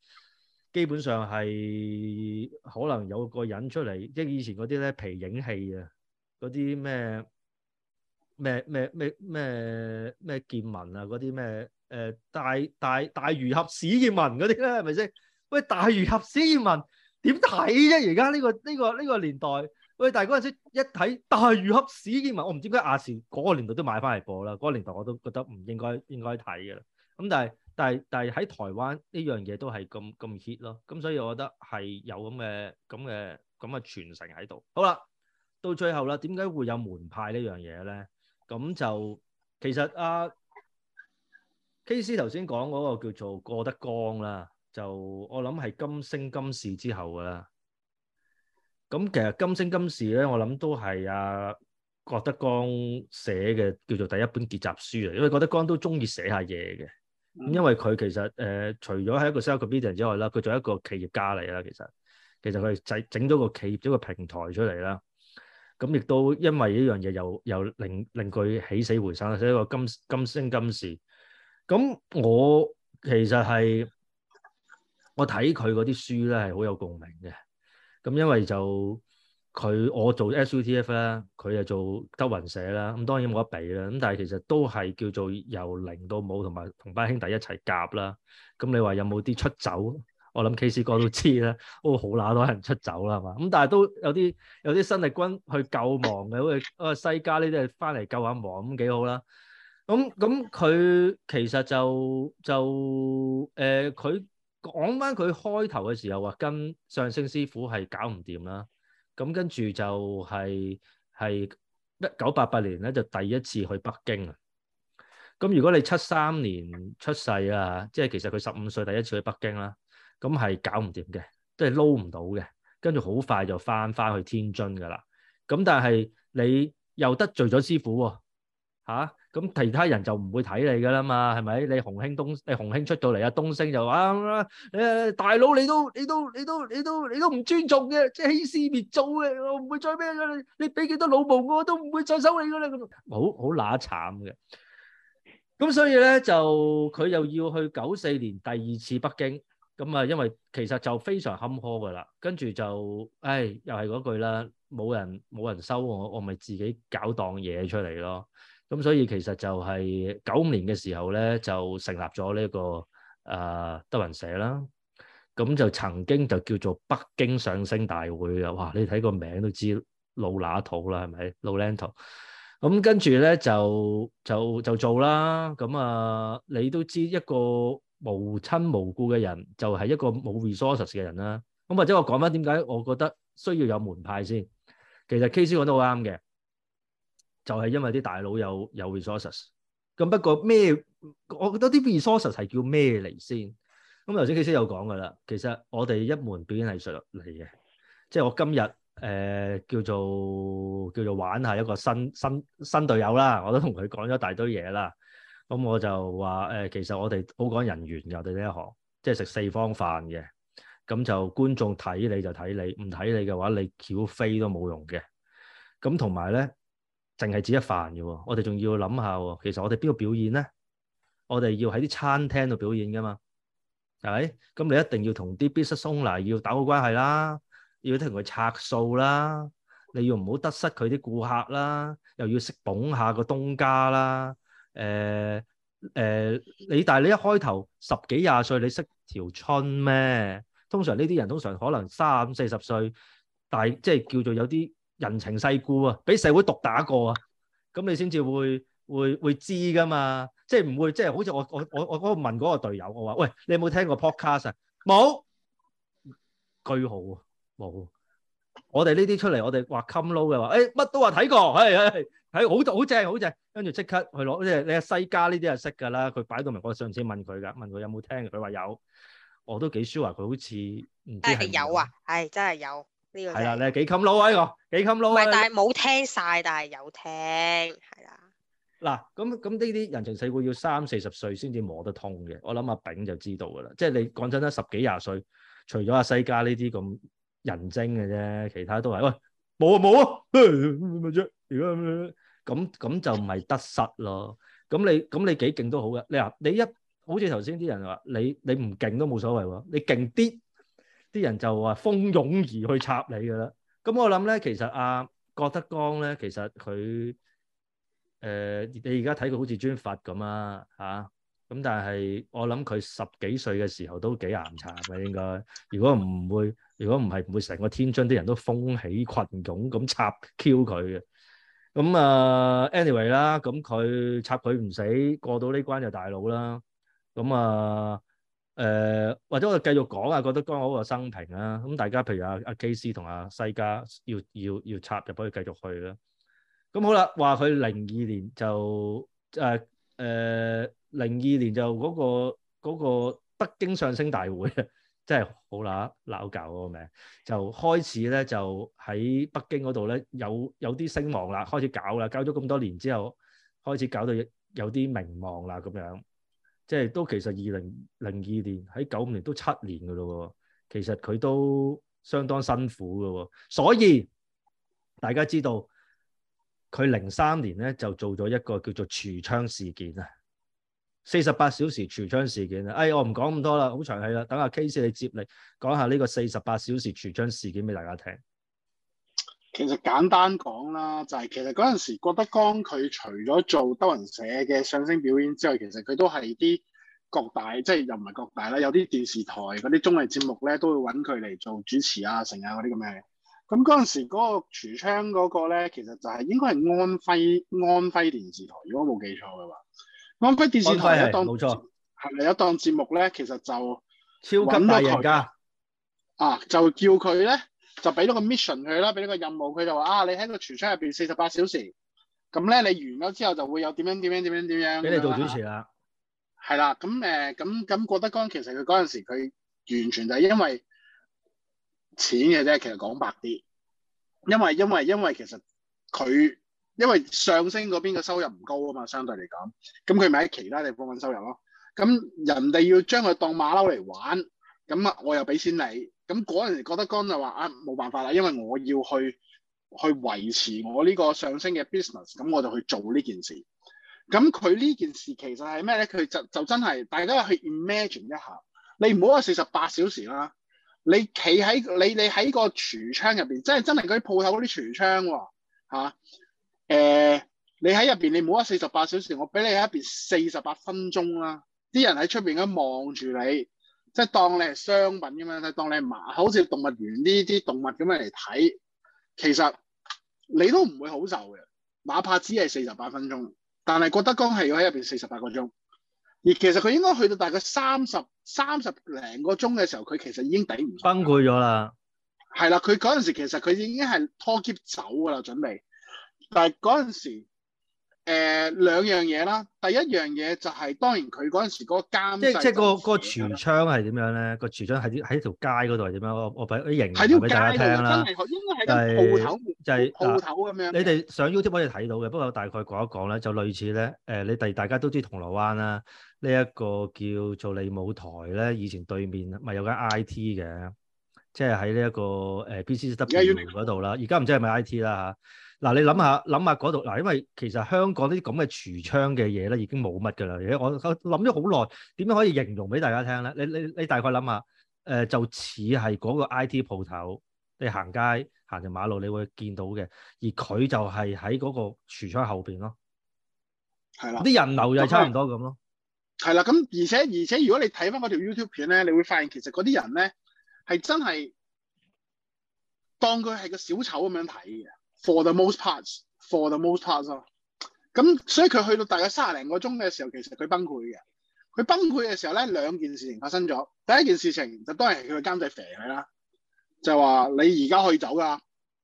[SPEAKER 2] 基本上係可能有個人出嚟，即係以前嗰啲咧皮影戲啊，嗰啲咩？咩咩咩咩咩艷文啊，嗰啲咩，誒大大大儒俠史艷文嗰啲咧係咪先？喂，大儒俠史艷文點睇啫？而家呢個呢個呢個年代喂，但係嗰陣時一睇大儒俠史艷文，我唔知點解亞視嗰個年代都買翻嚟播啦。嗰個年代我都覺得唔應該應該睇嘅啦。咁但係但係但係喺台灣呢樣嘢都係咁咁 hit 咯。咁所以我覺得係有咁嘅咁嘅咁嘅傳承喺度。好啦，到最後啦，點解會有門派呢樣嘢咧？咁就其實啊，K C 頭先講嗰個叫做郭德綱啦，就我諗係《金星金氏》之後噶啦。咁其實《金星金氏》咧，我諗都係啊郭德綱寫嘅叫做第一本結集書嚟，因為郭德綱都中意寫下嘢嘅。咁因為佢其實誒，除咗係一個 sales comedian 之外啦，佢仲係一個企業家嚟啦。其實其實佢係製整咗個企業，整個平台出嚟啦。咁亦都因為呢樣嘢，又又令令佢起死回生，所以個今今生今時。咁我其實係我睇佢嗰啲書咧，係好有共鳴嘅。咁因為就佢我做 SUTF 啦，佢又做德雲社啦，咁當然冇得比啦。咁但係其實都係叫做由零到冇，同埋同班兄弟一齊夾啦。咁你話有冇啲出走？我諗 K C 哥都知啦，都、哦、好揦到人出走啦，係嘛？咁但係都有啲有啲新力軍去救亡嘅，世好似啊西家呢啲係翻嚟救下亡咁幾好啦。咁咁佢其實就就誒，佢講翻佢開頭嘅時候話跟相聲師傅係搞唔掂啦。咁跟住就係係一九八八年咧，就第一次去北京啊。咁如果你七三年出世啊，即係其實佢十五歲第一次去北京啦。咁係搞唔掂嘅，都係撈唔到嘅，跟住好快就翻翻去天津噶啦。咁但係你又得罪咗師傅，吓、啊、咁其他人就唔會睇你噶啦嘛，係咪？你洪興東，你洪興出到嚟啊，東星就話啊，誒大佬你都你都你都你都你都唔尊重嘅，即係欺師滅祖嘅，我唔會再咩嘅啦。你俾幾多老毛我,我都唔會再收你噶啦。好好乸慘嘅。咁所以咧就佢又要去九四年第二次北京。咁啊，因為其實就非常坎坷嘅啦，跟住就，唉，又係嗰句啦，冇人冇人收我，我咪自己搞檔嘢出嚟咯。咁所以其實就係九五年嘅時候咧，就成立咗呢、這個啊德雲社啦。咁、嗯、就曾經就叫做北京相聲大會嘅，哇！你睇個名都知老乸套啦，係咪老靚套？咁跟住咧就就就做啦。咁、嗯、啊、嗯，你都知一個，無親無故嘅人就係、是、一個冇 resources 嘅人啦。咁或者我講翻點解我覺得需要有門派先。其實 K 師講好啱嘅，就係、是、因為啲大佬有有 resources。咁不過咩？我覺得啲 resources 係叫咩嚟先？咁頭先 K 師有講噶啦。其實我哋一門表演藝術嚟嘅，即係我今日誒、呃、叫做叫做玩一下一個新新新隊友啦。我都同佢講咗一大堆嘢啦。咁我就話誒，其實我哋好講人緣㗎，我哋呢一行即係食四方飯嘅。咁就觀眾睇你就睇你，唔睇你嘅話，你翹飛都冇用嘅。咁同埋咧，淨係止一飯嘅喎，我哋仲要諗下喎。其實我哋邊個表演咧？我哋要喺啲餐廳度表演㗎嘛，係咪？咁你一定要同啲 business owner 要打好關係啦，要同佢拆數啦，你要唔好得失佢啲顧客啦，又要識捧下個東家啦。誒誒、呃呃，你但係你一開頭十幾廿歲，你識條春咩？通常呢啲人通常可能三四十歲，但係即係叫做有啲人情世故啊，俾社會毒打過啊，咁你先至會會會知噶嘛？即係唔會即係好似我我我我嗰個問嗰個隊友，我話喂，你有冇聽過 podcast？啊？冇句號啊，冇。我哋呢啲出嚟，我哋話襟撈嘅話，誒，乜都話睇過，係係係，係好就好正好正，跟住即刻去攞，即係你阿西家呢啲係識噶啦，佢擺到明，我上次問佢噶，問佢有冇聽，佢話有，我都幾 sure 佢好似唔知係有
[SPEAKER 4] 啊，係真係有呢個係啦，
[SPEAKER 2] 你係幾襟撈啊呢個，幾襟
[SPEAKER 4] 撈啊唔係，但係冇聽晒，但係有聽係啦。
[SPEAKER 2] 嗱，咁咁呢啲人情世故要三四十歲先至摸得通嘅，我諗阿炳就知道噶啦，即係你講真真十幾廿歲，除咗阿西家呢啲咁。人精嘅啫，其他都係喂冇啊冇啊，咁咪啫。而家咁樣咁咁就唔係得失咯。咁你咁你幾勁都好嘅。你話你一好似頭先啲人話你，你唔勁都冇所謂喎。你勁啲，啲人就話蜂擁而去插你㗎啦。咁我諗咧，其實阿、啊、郭德綱咧，其實佢誒、呃、你而家睇佢好似尊佛咁啊嚇。咁但係我諗佢十幾歲嘅時候都幾嚴殘嘅應該，如果唔會，如果唔係唔會成個天津啲人都風起群眾咁插 Q 佢嘅。咁啊、uh,，anyway 啦，咁佢插佢唔死，過到呢關就大佬啦。咁啊，誒、uh, 呃、或者我哋繼續講啊，覺得剛好個生平啦、啊。咁大家譬如啊，阿 K C 同阿西家要要要插入幫佢繼續去啦。咁好啦，話佢零二年就誒誒。呃呃零二年就嗰、嗰個、嗰個北京相聲大會啊，真係好乸撈搞嗰個名，就開始咧就喺北京嗰度咧有有啲聲望啦，開始搞啦，搞咗咁多年之後，開始搞到有啲名望啦，咁樣，即係都其實二零零二年喺九五年都七年噶咯，其實佢都相當辛苦噶，所以大家知道佢零三年咧就做咗一個叫做櫥窗事件啊。四十八小時櫥窗事件啊！哎，我唔講咁多啦，好長氣啦。等阿 K 先你接嚟講下呢個四十八小時櫥窗事件俾大家聽。
[SPEAKER 3] 其實簡單講啦，就係、是、其實嗰陣時郭德綱佢除咗做德雲社嘅相聲表演之外，其實佢都係啲各大即係又唔係各大啦，有啲電視台嗰啲綜藝節目咧都會揾佢嚟做主持啊，成日嗰啲咁嘅。咁嗰陣時嗰個櫥窗嗰個咧，其實就係應該係安徽安徽電視台，如果冇記錯嘅話。安徽電視台一檔冇錯，係咪一檔節目咧？其實就超級大贏家啊！就叫佢咧，就俾咗個 mission 佢啦，俾咗個任務，佢就話：啊，你喺個櫥窗入邊四十八小時。咁咧，你完咗之後就會有點樣點樣點樣點樣點樣。俾你做主持啦。係啦、啊，咁誒，咁咁郭德綱其實佢嗰陣時佢完全就係因為錢嘅啫，其實講白啲，因為因為因為其實佢。因為上升嗰邊嘅收入唔高啊嘛，相對嚟講，咁佢咪喺其他地方搵收入咯。咁人哋要將佢當馬騮嚟玩，咁啊我又俾錢你。咁嗰陣時郭德綱就話：啊，冇辦法啦，因為我要去去維持我呢個上升嘅 business，咁我就去做呢件事。咁佢呢件事其實係咩咧？佢就就真係大家去 imagine 一下，你唔好話四十八小時啦，你企喺你，你喺個櫥窗入邊，真係真係嗰啲鋪頭嗰啲櫥窗喎、啊誒、呃，你喺入邊，你冇得四十八小時，我俾你喺入邊四十八分鐘啦。啲人喺出邊咁望住你，即係當你係商品咁樣，當你係馬，好似動物園呢啲動物咁樣嚟睇，其實你都唔會好受嘅，哪怕只係四十八分鐘。但係郭德綱係要喺入邊四十八個鐘，而其實佢應該去到大概三十、三十零個鐘嘅時候，佢其實已經頂唔，崩潰咗啦。係啦，佢嗰陣時其實佢已經係拖喼走噶啦，準備。但係嗰陣時，誒、呃、兩樣嘢啦。第一樣嘢就係、是、當然佢嗰陣時嗰個監，即係即係個、那
[SPEAKER 2] 個櫥窗係點樣咧？那個櫥窗喺喺條街嗰度，係點樣？我我俾啲形容俾大家聽啦。真就係鋪頭，應就係鋪頭咁樣。你哋上 YouTube 可以睇到嘅，不過我大概講一講咧，就類似咧，誒、呃，你哋大家都知銅鑼灣啦，呢、這、一個叫做利舞台咧，以前對面咪有間 I T 嘅，即係喺呢一個誒 B C W 嗰度啦。而家唔知係咪 I T 啦吓。嗱，你諗下，諗下嗰度嗱，因為其實香港啲咁嘅櫥窗嘅嘢咧，已經冇乜噶啦。而我諗咗好耐，點樣可以形容俾大家聽咧？你你你大概諗下，誒、呃、就似係嗰個 IT 鋪頭，你行街行條馬路，你會見到嘅。而佢就係喺嗰個櫥窗後邊咯，
[SPEAKER 3] 係啦的，啲人流又差唔多咁咯，係啦。咁而且而且，如果你睇翻嗰條 YouTube 片咧，你會發現其實嗰啲人咧係真係當佢係個小丑咁樣睇嘅。for the most parts，for the most parts 咯，咁所以佢去到大概卅零個鐘嘅時候，其實佢崩潰嘅。佢崩潰嘅時候咧，兩件事情發生咗。第一件事情就當然係佢個監製肥佢啦，就話你而家可以走噶，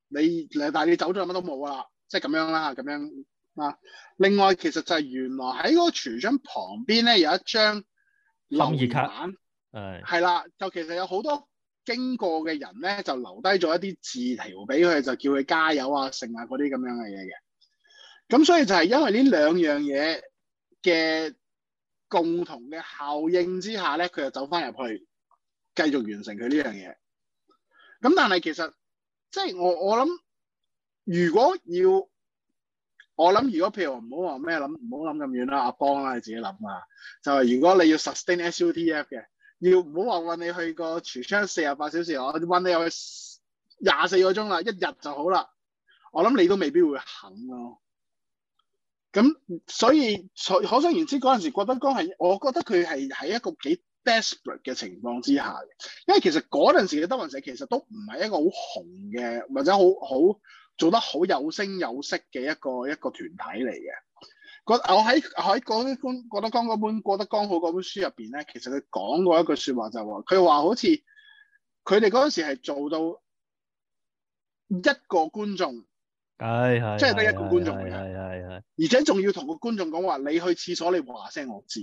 [SPEAKER 3] 你誒，但係你走咗，乜都冇啦，即係咁樣啦吓，咁樣啊。另外，其實就係原來喺個櫥窗旁邊咧，有一張林熱卡。誒，係啦，就其實有好多。經過嘅人咧，就留低咗一啲字條俾佢，就叫佢加油啊、剩下嗰啲咁樣嘅嘢嘅。咁所以就係因為呢兩樣嘢嘅共同嘅效應之下咧，佢就走翻入去，繼續完成佢呢樣嘢。咁但係其實即係、就是、我我諗，如果要我諗，如果譬如唔好話咩諗，唔好諗咁遠啦，阿邦啦你自己諗啦，就係、是、如果你要 sustain SUTF 嘅。要唔好話問你去個櫥窗四十八小時，我問你去廿四個鐘啦，一日就好啦。我諗你都未必會肯咯、啊。咁所以，所可想而知嗰陣時郭德綱係，我覺得佢係喺一個幾 desperate 嘅情況之下嘅，因為其實嗰陣時嘅德雲社其實都唔係一個好紅嘅，或者好好做得好有聲有色嘅一個一個團體嚟嘅。我喺喺郭德綱》本《過得剛好》嗰本書入邊咧，其實佢講過一句説話，就是，就係話佢話好似佢哋嗰陣時係做到一個觀眾，
[SPEAKER 2] 係係即係得一個觀眾嘅嘢，係、哎哎
[SPEAKER 3] 哎哎哎、而且仲要同個觀眾講話：你去廁所，你話聲我知，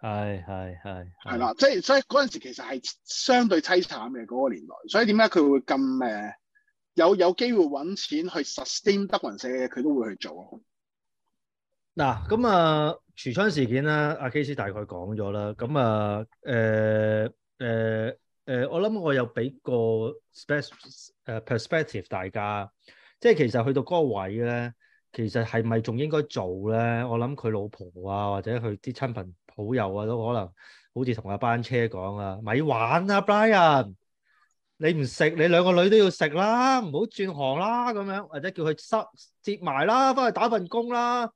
[SPEAKER 2] 係係係，
[SPEAKER 3] 係、哎、啦、哎哎，即係所以嗰陣時其實係相對凄慘嘅嗰、那個年代。所以點解佢會咁誒、呃、有有機會揾錢去 s u s t a i n 德雲社嘅嘢，佢都會去做。
[SPEAKER 2] 嗱，咁、嗯、啊，櫥窗事件啦，阿 Casey 大概講咗啦。咁啊，誒誒誒，我諗我有俾個 spec 誒 perspective, perspective、啊、perspective 大家，即係其實去到嗰個位咧，其實係咪仲應該做咧？我諗佢老婆啊，或者佢啲親朋好友啊，都可能好似同阿班車講啊，咪玩啊，Brian，你唔食，你兩個女都要食啦，唔好轉行啦，咁樣或者叫佢收接埋啦，返去打份工啦。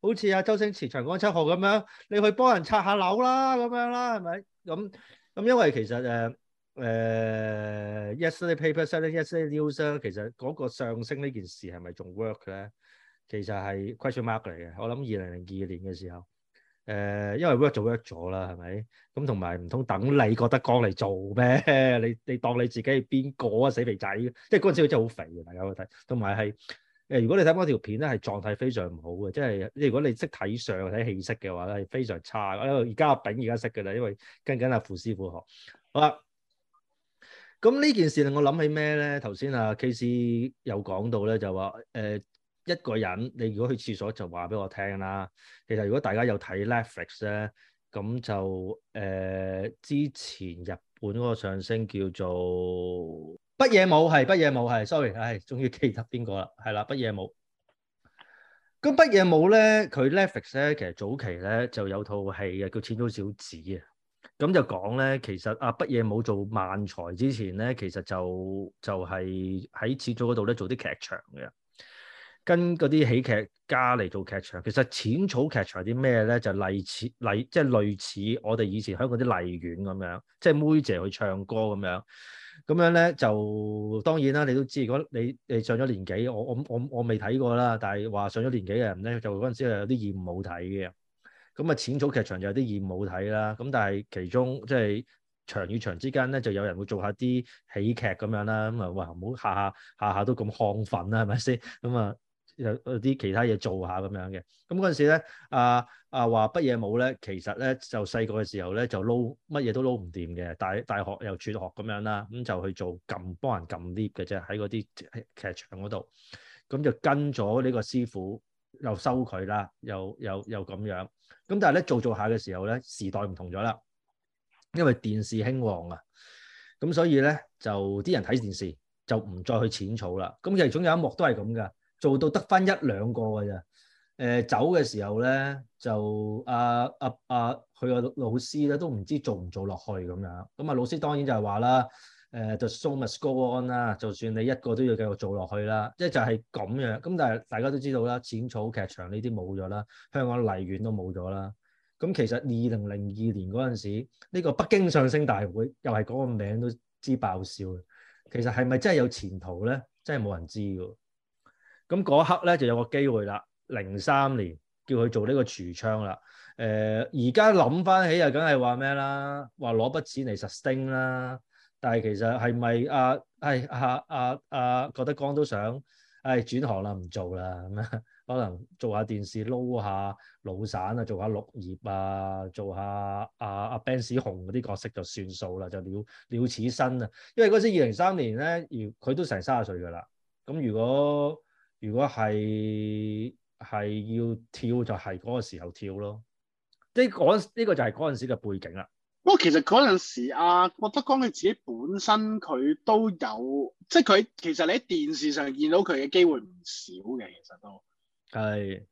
[SPEAKER 2] 好似阿周星馳《長江七號》咁樣，你去幫人拆下樓啦咁樣啦，係咪？咁咁因為其實誒誒，Yesterday Paper selling Yesterday News 啦，其實嗰個上升呢件事係咪仲 work 咧？其實係 question mark 嚟嘅。我諗二零零二年嘅時候，誒、呃，因為 work，就 work 做 work 咗啦，係咪？咁同埋唔通等你郭德綱嚟做咩？你你當你自己係邊個啊？死肥仔！即係嗰陣時佢真係好肥嘅，大家去睇。同埋係。誒，如果你睇翻條片咧，係狀態非常唔好嘅，即係即係如果你識睇相睇氣息嘅話咧，係非常差。因為而家阿炳而家識嘅啦，因為跟緊阿傅師傅學。好啦，咁呢件事令我諗起咩咧？頭先阿 K C 有講到咧，就話誒、呃、一個人，你如果去廁所就話俾我聽啦。其實如果大家有睇 Netflix 咧，咁就誒、呃、之前日本嗰個上升叫做。北野武係北野武係，sorry，唉，終於記得邊個啦，係啦，北野武。咁北野武咧，佢 Netflix 咧，其實早期咧就有套戲嘅，叫《淺草小子》啊。咁就講咧，其實啊、北野武做漫才之前咧，其實就就係喺淺草嗰度咧做啲劇場嘅，跟嗰啲喜劇家嚟做劇場。其實淺草劇場啲咩咧？就類、是、似，類即係類似我哋以前香港啲荔園咁樣，即係妹姐去唱歌咁樣。咁樣咧就當然啦，你都知，如果你誒上咗年紀，我我我我未睇過啦，但係話上咗年紀嘅人咧，就嗰陣時係有啲厭冇睇嘅。咁、嗯、啊，淺草劇場就有啲厭冇睇啦。咁但係其中即係場與場之間咧，就有人會做下啲喜劇咁樣啦。咁、嗯、啊，哇！唔好下下下下都咁亢奮啦，係咪先？咁、嗯、啊～、嗯有啲其他嘢做下咁樣嘅，咁嗰陣時咧，啊啊話乜嘢冇咧？其實咧就細個嘅時候咧就撈乜嘢都撈唔掂嘅，大大學又輟學咁樣啦，咁就去做撳幫人撳 lift 嘅啫，喺嗰啲劇場嗰度，咁就跟咗呢個師傅又收佢啦，又又又咁樣，咁但係咧做做下嘅時候咧，時代唔同咗啦，因為電視興旺啊，咁所以咧就啲人睇電視就唔再去淺草啦，咁其實總有一幕都係咁㗎。做到得翻一兩個嘅啫，誒、呃、走嘅時候咧就阿阿阿佢個老師咧都唔知做唔做落去咁樣，咁、嗯、啊老師當然就係話啦，誒就 show must go on 啦，就算你一個都要繼續做落去啦，即係就係、是、咁樣。咁、嗯、但係大家都知道啦，淺草劇場呢啲冇咗啦，香港麗苑都冇咗啦。咁、嗯、其實二零零二年嗰陣時，呢、這個北京相聲大會又係嗰個名都知爆笑，其實係咪真係有前途咧？真係冇人知㗎。咁嗰一刻咧，就有個機會啦。零三年叫佢做呢個櫥窗啦。誒、呃，而家諗翻起又梗係話咩啦？話攞筆錢嚟實釘啦。但係其實係咪阿係阿阿阿郭德綱都想誒、哎、轉行啦，唔做啦咁啊？ 可能做下電視撈下老散啊，做下綠葉啊，做下阿阿 Ben 子雄嗰啲角色就算數啦，就了了此生啊。因為嗰時二零三年咧，而佢都成卅歲㗎啦。咁如果如果係係要跳就係嗰個時候跳咯，即係嗰呢個就係嗰陣時嘅背景啦。不
[SPEAKER 3] 過其實嗰陣時啊，郭德綱佢自己本身佢都有，即係佢其實你喺電視上見到佢嘅機會唔少嘅，其實都係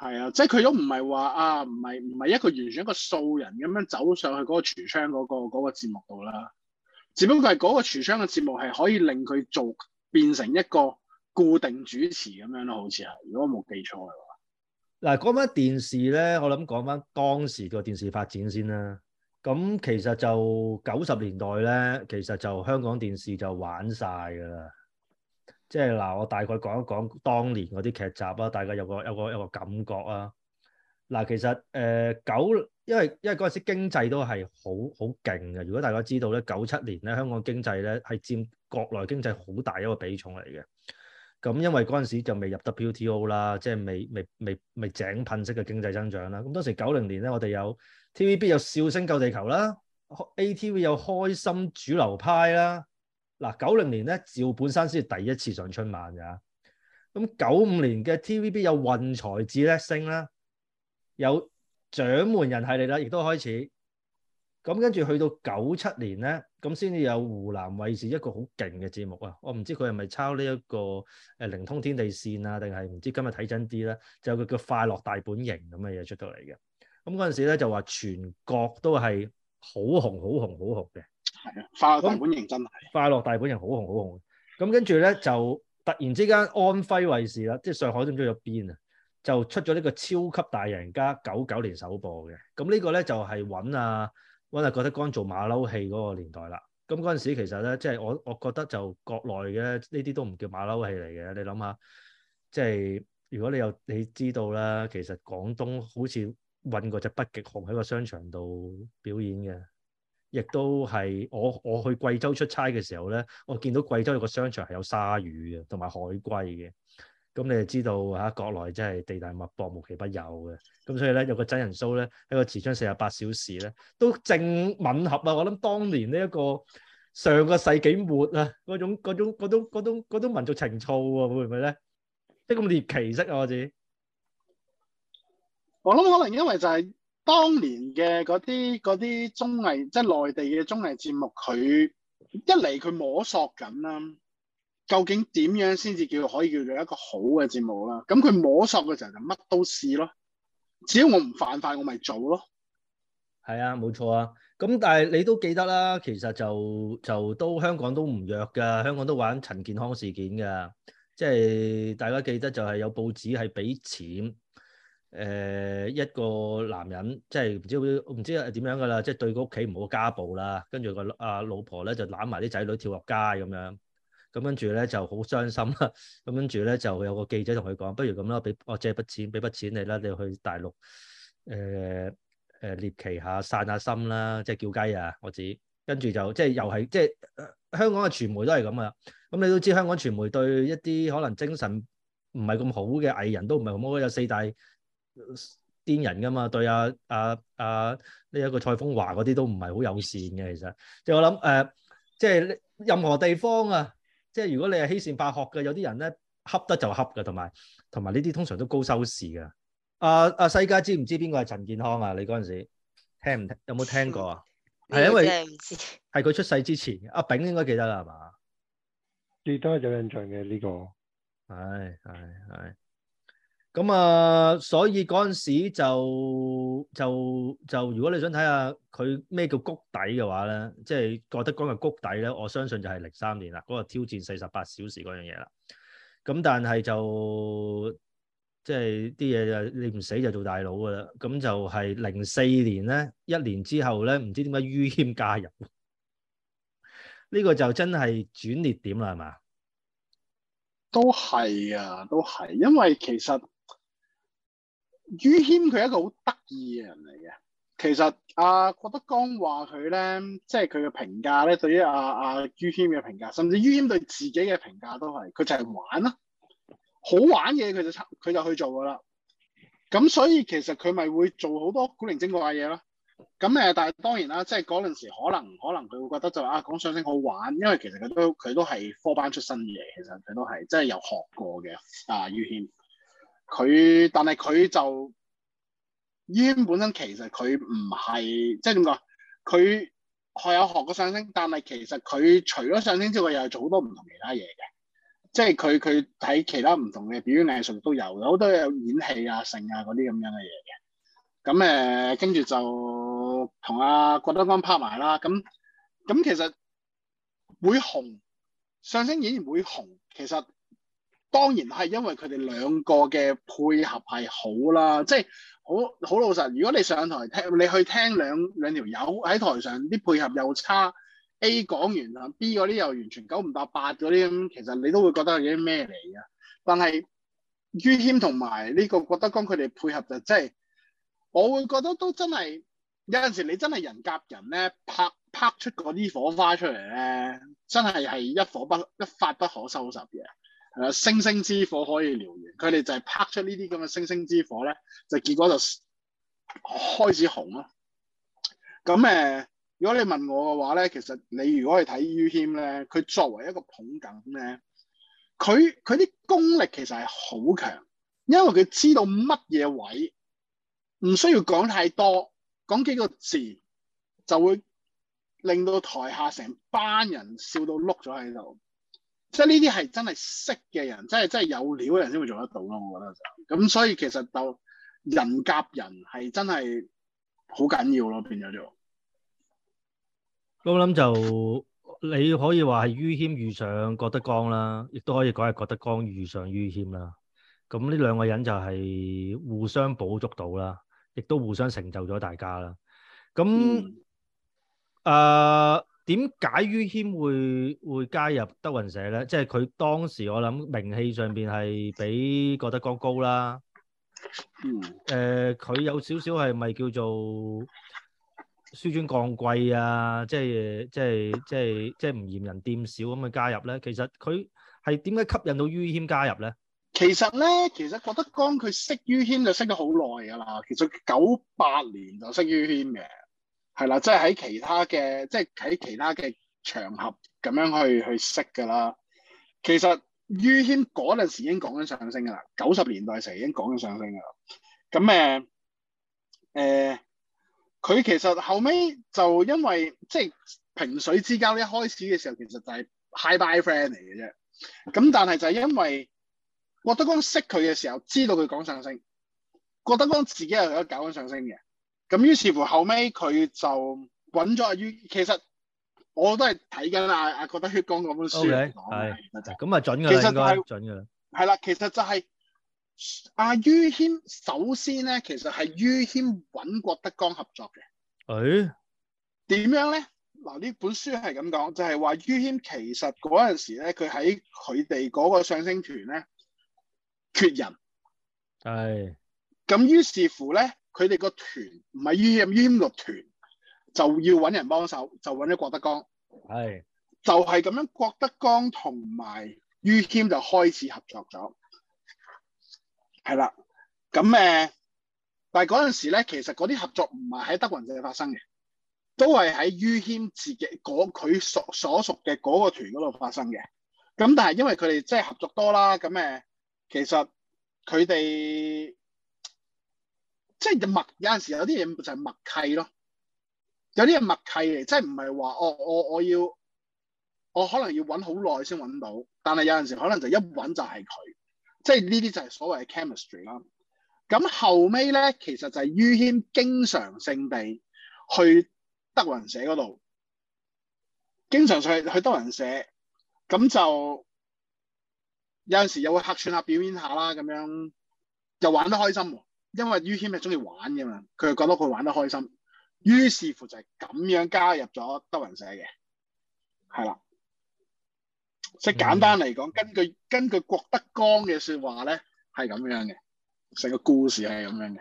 [SPEAKER 3] 係啊，即係佢都唔係話啊，唔係唔係一個完全一個素人咁樣走上去嗰個櫥窗嗰個嗰個節目度啦。只不過係嗰個櫥窗嘅節目係可以令佢做變成一個。固定主持咁樣咯，好似係，如果我冇記錯嘅話。
[SPEAKER 2] 嗱，講翻電視咧，我諗講翻當時個電視發展先啦。咁其實就九十年代咧，其實就香港電視就玩晒㗎啦。即係嗱，我大概講一講當年嗰啲劇集啦，大家有個有個有個感覺啊。嗱，其實誒、呃、九，因為因為嗰陣時經濟都係好好勁嘅。如果大家知道咧，九七年咧，香港經濟咧係佔國內經濟好大一個比重嚟嘅。咁因為嗰陣時就未入 WTO 啦，即係未未未未井噴式嘅經濟增長啦。咁當時九零年咧，我哋有 TVB 有《笑聲救地球》啦，ATV 有《開心主流派》啦。嗱，九零年咧，趙本山先第一次上春晚咋。咁九五年嘅 TVB 有《運財智叻星》啦，有《獎門人》系列啦，亦都開始。咁跟住去到九七年咧。咁先至有湖南衛視一個好勁嘅節目啊！我唔知佢係咪抄呢、這、一個誒靈通天地線啊，定係唔知今日睇真啲啦。就有個叫《快樂大本營》咁嘅嘢，出到嚟嘅。咁嗰陣時咧就話全國都係好紅好紅好紅嘅。係啊，
[SPEAKER 3] 快樂大本
[SPEAKER 2] 營真係。快樂大本營好紅好紅。咁跟住咧就突然之間安徽衛視啦，即係上海都唔知有邊啊，就出咗呢個超級大贏家，九九年首播嘅。咁呢個咧就係、是、搵啊。我就覺得啱啱做馬騮戲嗰個年代啦，咁嗰陣時其實咧，即係我我覺得就國內嘅呢啲都唔叫馬騮戲嚟嘅，你諗下，即係如果你有你知道啦，其實廣東好似揾過隻北極熊喺個商場度表演嘅，亦都係我我去貴州出差嘅時候咧，我見到貴州有個商場係有鯊魚嘅，同埋海龜嘅。咁你係知道嚇，國內真係地大物博，無奇不有嘅。咁所以咧，有個真人 show 咧，喺個時長四十八小時咧，都正吻合啊！我諗當年呢一個上個世紀末啊，嗰種嗰種嗰種嗰種嗰種民族情操喎，會唔會咧？即係咁獵奇式啊！我諗，
[SPEAKER 3] 我諗可能因為就係當年嘅嗰啲嗰啲綜藝，即係內地嘅綜藝節目，佢一嚟佢摸索緊啦。究竟點樣先至叫可以叫做一個好嘅節目啦？咁佢摸索嘅時候就乜都試咯。只要我唔犯法，我咪做咯。
[SPEAKER 2] 係啊，冇錯啊。咁但係你都記得啦，其實就就都香港都唔弱噶，香港都玩陳健康事件噶。即係大家記得就係有報紙係俾錢誒一個男人，即係唔知唔知點樣噶啦，即係對個屋企唔好家暴啦，跟住個啊老婆咧就攬埋啲仔女跳落街咁樣。咁跟住咧就好傷心啦。咁跟住咧就有個記者同佢講：不如咁啦，俾我，我借筆錢，俾筆錢你啦，你去大陸誒誒獵奇下，散下心啦，即係叫雞啊！我指跟住就即係又係即係香港嘅傳媒都係咁啊。咁你都知香港傳媒對一啲可能精神唔係咁好嘅藝人都唔係咁好，有四大癲人噶嘛？對啊啊啊！呢、啊、一、這個蔡楓華嗰啲都唔係好友善嘅，其實即係我諗誒、呃，即係任何地方啊。即係如果你係欺善怕惡嘅，有啲人咧恰得就恰嘅，同埋同埋呢啲通常都高收視嘅。阿啊，啊世界知唔知邊個係陳健康啊？你嗰陣時聽唔聽有冇聽過啊？係、嗯、因為唔知係佢出世之前，阿炳、嗯啊、應該記得啦係嘛？最多有印象嘅呢、呢個係係係。哎哎哎咁啊、嗯，所以嗰陣時就就就，就就如果你想睇下佢咩叫谷底嘅話咧，即係覺得嗰個谷底咧，我相信就係零三年啦，嗰個挑戰四十八小時嗰樣嘢啦。咁但係就即係啲嘢就你唔死就做大佬噶啦。咁就係零四年咧，一年之後咧，唔知點解于謙加入，呢個就真係轉捩點啦，係嘛？
[SPEAKER 3] 都係啊，都係，因為其實。于謙佢係一個好得意嘅人嚟嘅，其實阿、啊、郭德綱話佢咧，即係佢嘅評價咧，對於阿、啊、阿、啊、于謙嘅評價，甚至于謙對自己嘅評價都係，佢就係玩啦，好玩嘢，佢就佢就去做噶啦。咁所以其實佢咪會做好多古靈精怪嘅嘢咯。咁誒，但係當然啦，即係嗰陣時可能可能佢會覺得就話、啊講相聲好玩，因為其實佢都佢都係科班出身嚟，其實佢都係即係有學過嘅。啊，于謙。佢，但係佢就，袁本身其實佢唔係，即係點講？佢係有學過相聲，但係其實佢除咗相聲之外，又做好多唔同其他嘢嘅。即係佢佢喺其他唔同嘅表演藝術都有，好多有演戲啊、成啊嗰啲咁樣嘅嘢嘅。咁誒，呃、跟住就同阿郭德綱拍埋啦。咁咁其實會紅，相聲演員會紅，其實。當然係因為佢哋兩個嘅配合係好啦，即係好好老實。如果你上台聽，你去聽兩兩條友喺台上啲配合又差，A 講完啦，B 嗰啲又完全九唔搭八嗰啲咁，其實你都會覺得係啲咩嚟嘅。但係于謙同埋呢個郭德綱佢哋配合就真係、就係，我會覺得都真係有陣時你真係人夾人咧，拍拍出嗰啲火花出嚟咧，真係係一火不一發不可收拾嘅。誒，星星之火可以燎原，佢哋就係拍出呢啲咁嘅星星之火咧，就結果就開始紅咯。咁誒，如果你問我嘅話咧，其實你如果去睇于謙咧，佢作為一個捧哏咧，佢佢啲功力其實係好強，因為佢知道乜嘢位，唔需要講太多，講幾個字就會令到台下成班人笑到碌咗喺度。即係呢啲係真係識嘅人，真係真係有料嘅人先會做得到咯，我覺得就咁。所以其實就人夾人係真係好緊要咯，變咗就
[SPEAKER 2] 咁諗，就你可以話係于謙遇上郭德綱啦，亦都可以講係郭德綱遇上于謙啦。咁呢兩個人就係互相補足到啦，亦都互相成就咗大家啦。咁誒。嗯呃點解于謙會會加入德雲社咧？即係佢當時我諗名氣上邊係比郭德綱高啦。誒，佢有少少係咪叫做紆尊降貴啊？即係即係即係即係唔嫌人店少咁去加入咧。其實佢係點解吸引到于謙加入咧？
[SPEAKER 3] 其實咧，其實郭德綱佢識于謙就識咗好耐㗎啦。其實九八年就識于謙嘅。係啦，即係喺其他嘅，即係喺其他嘅場合咁樣去去識噶啦。其實于謙嗰陣時已經講緊相聲噶啦，九十年代時已經講緊相聲噶啦。咁誒誒，佢、呃呃、其實後尾就因為即係萍水之交，一開始嘅時候其實就係 hi bye friend 嚟嘅啫。咁但係就係因為郭德綱識佢嘅時候，知道佢講相聲。郭德綱自己又有搞緊相聲嘅。咁於是乎後尾佢就揾咗阿于。其實我都係睇緊阿阿郭德綱嗰本書嚟咁，啊
[SPEAKER 2] 準嘅其實就係，是，準
[SPEAKER 3] 嘅啦。係啦，其實就係阿於謙首先咧，其實係於謙揾郭德綱合作嘅。誒點，哎，樣咧？嗱呢本書係咁講，就係話於謙其實嗰陣時咧，佢喺佢哋嗰個相聲團咧缺人。係咁的於是乎咧。佢哋個團唔係於謙於謙個團，就要揾人幫手，就揾咗郭德綱。係的，就係咁樣，郭德綱同埋於謙就開始合作咗。係啦，咁誒，但係嗰陣時咧，其實嗰啲合作唔係喺德雲社發生嘅，都係喺於謙自己嗰佢所所屬嘅嗰個團嗰度發生嘅。咁但係因為佢哋即係合作多啦，咁誒，其實佢哋。即係默有陣時有啲嘢就係默契咯，有啲係默契嚟，即係唔係話哦，我我，我要，我可能要揾好耐先揾到，但係有陣時可能就一揾就係佢，即係呢啲就係所謂嘅 chemistry 啦。咁後尾咧，其實就係于謙經常性地去德雲社嗰度，經常去去德雲社，咁就有陣時又會客串下表演下啦，咁樣就玩得開心。因為於謙係中意玩嘅嘛，佢就覺得佢玩得開心，於是乎就係咁樣加入咗德雲社嘅，係啦。即係簡單嚟講，嗯，根據根據郭德綱嘅説話咧，係咁樣嘅，成個故事係咁樣嘅。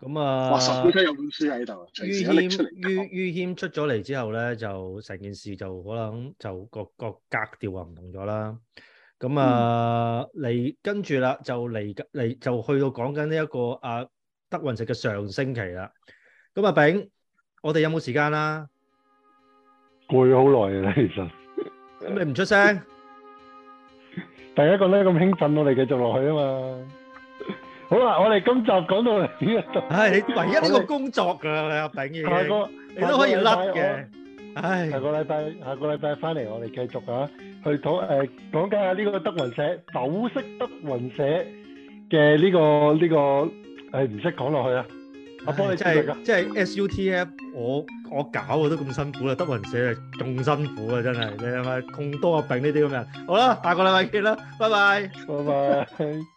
[SPEAKER 2] 咁啊，哇！十有本書喺度，隨時拎出嚟講。於謙於於謙出咗嚟之後咧，就成件事就可能就個個格調啊唔同咗啦。咁啊，嚟跟住啦，就嚟嚟就去到講緊呢一個啊德雲社嘅上星期啦。咁阿炳，我哋有冇時間啦？
[SPEAKER 1] 攰好耐啦，其實。咁你唔出聲？第一個咧咁興奮，我哋繼續落去啊嘛。好啦，我哋今集講到呢一度。唉，你唯一呢個工作㗎，你阿炳嘅大哥，你都可以甩嘅。唉。下個禮拜，下個禮拜翻嚟，我哋繼續啊。去講誒講解下呢個德雲社，就識德雲社嘅呢個呢個誒唔識講落去啊！阿波你真係即係 SUTF，我我
[SPEAKER 2] 搞我都咁辛苦啦，德雲社係仲辛苦啊真係，你係咪咁多病呢啲咁樣？好啦，下個禮拜見啦，拜拜，拜拜。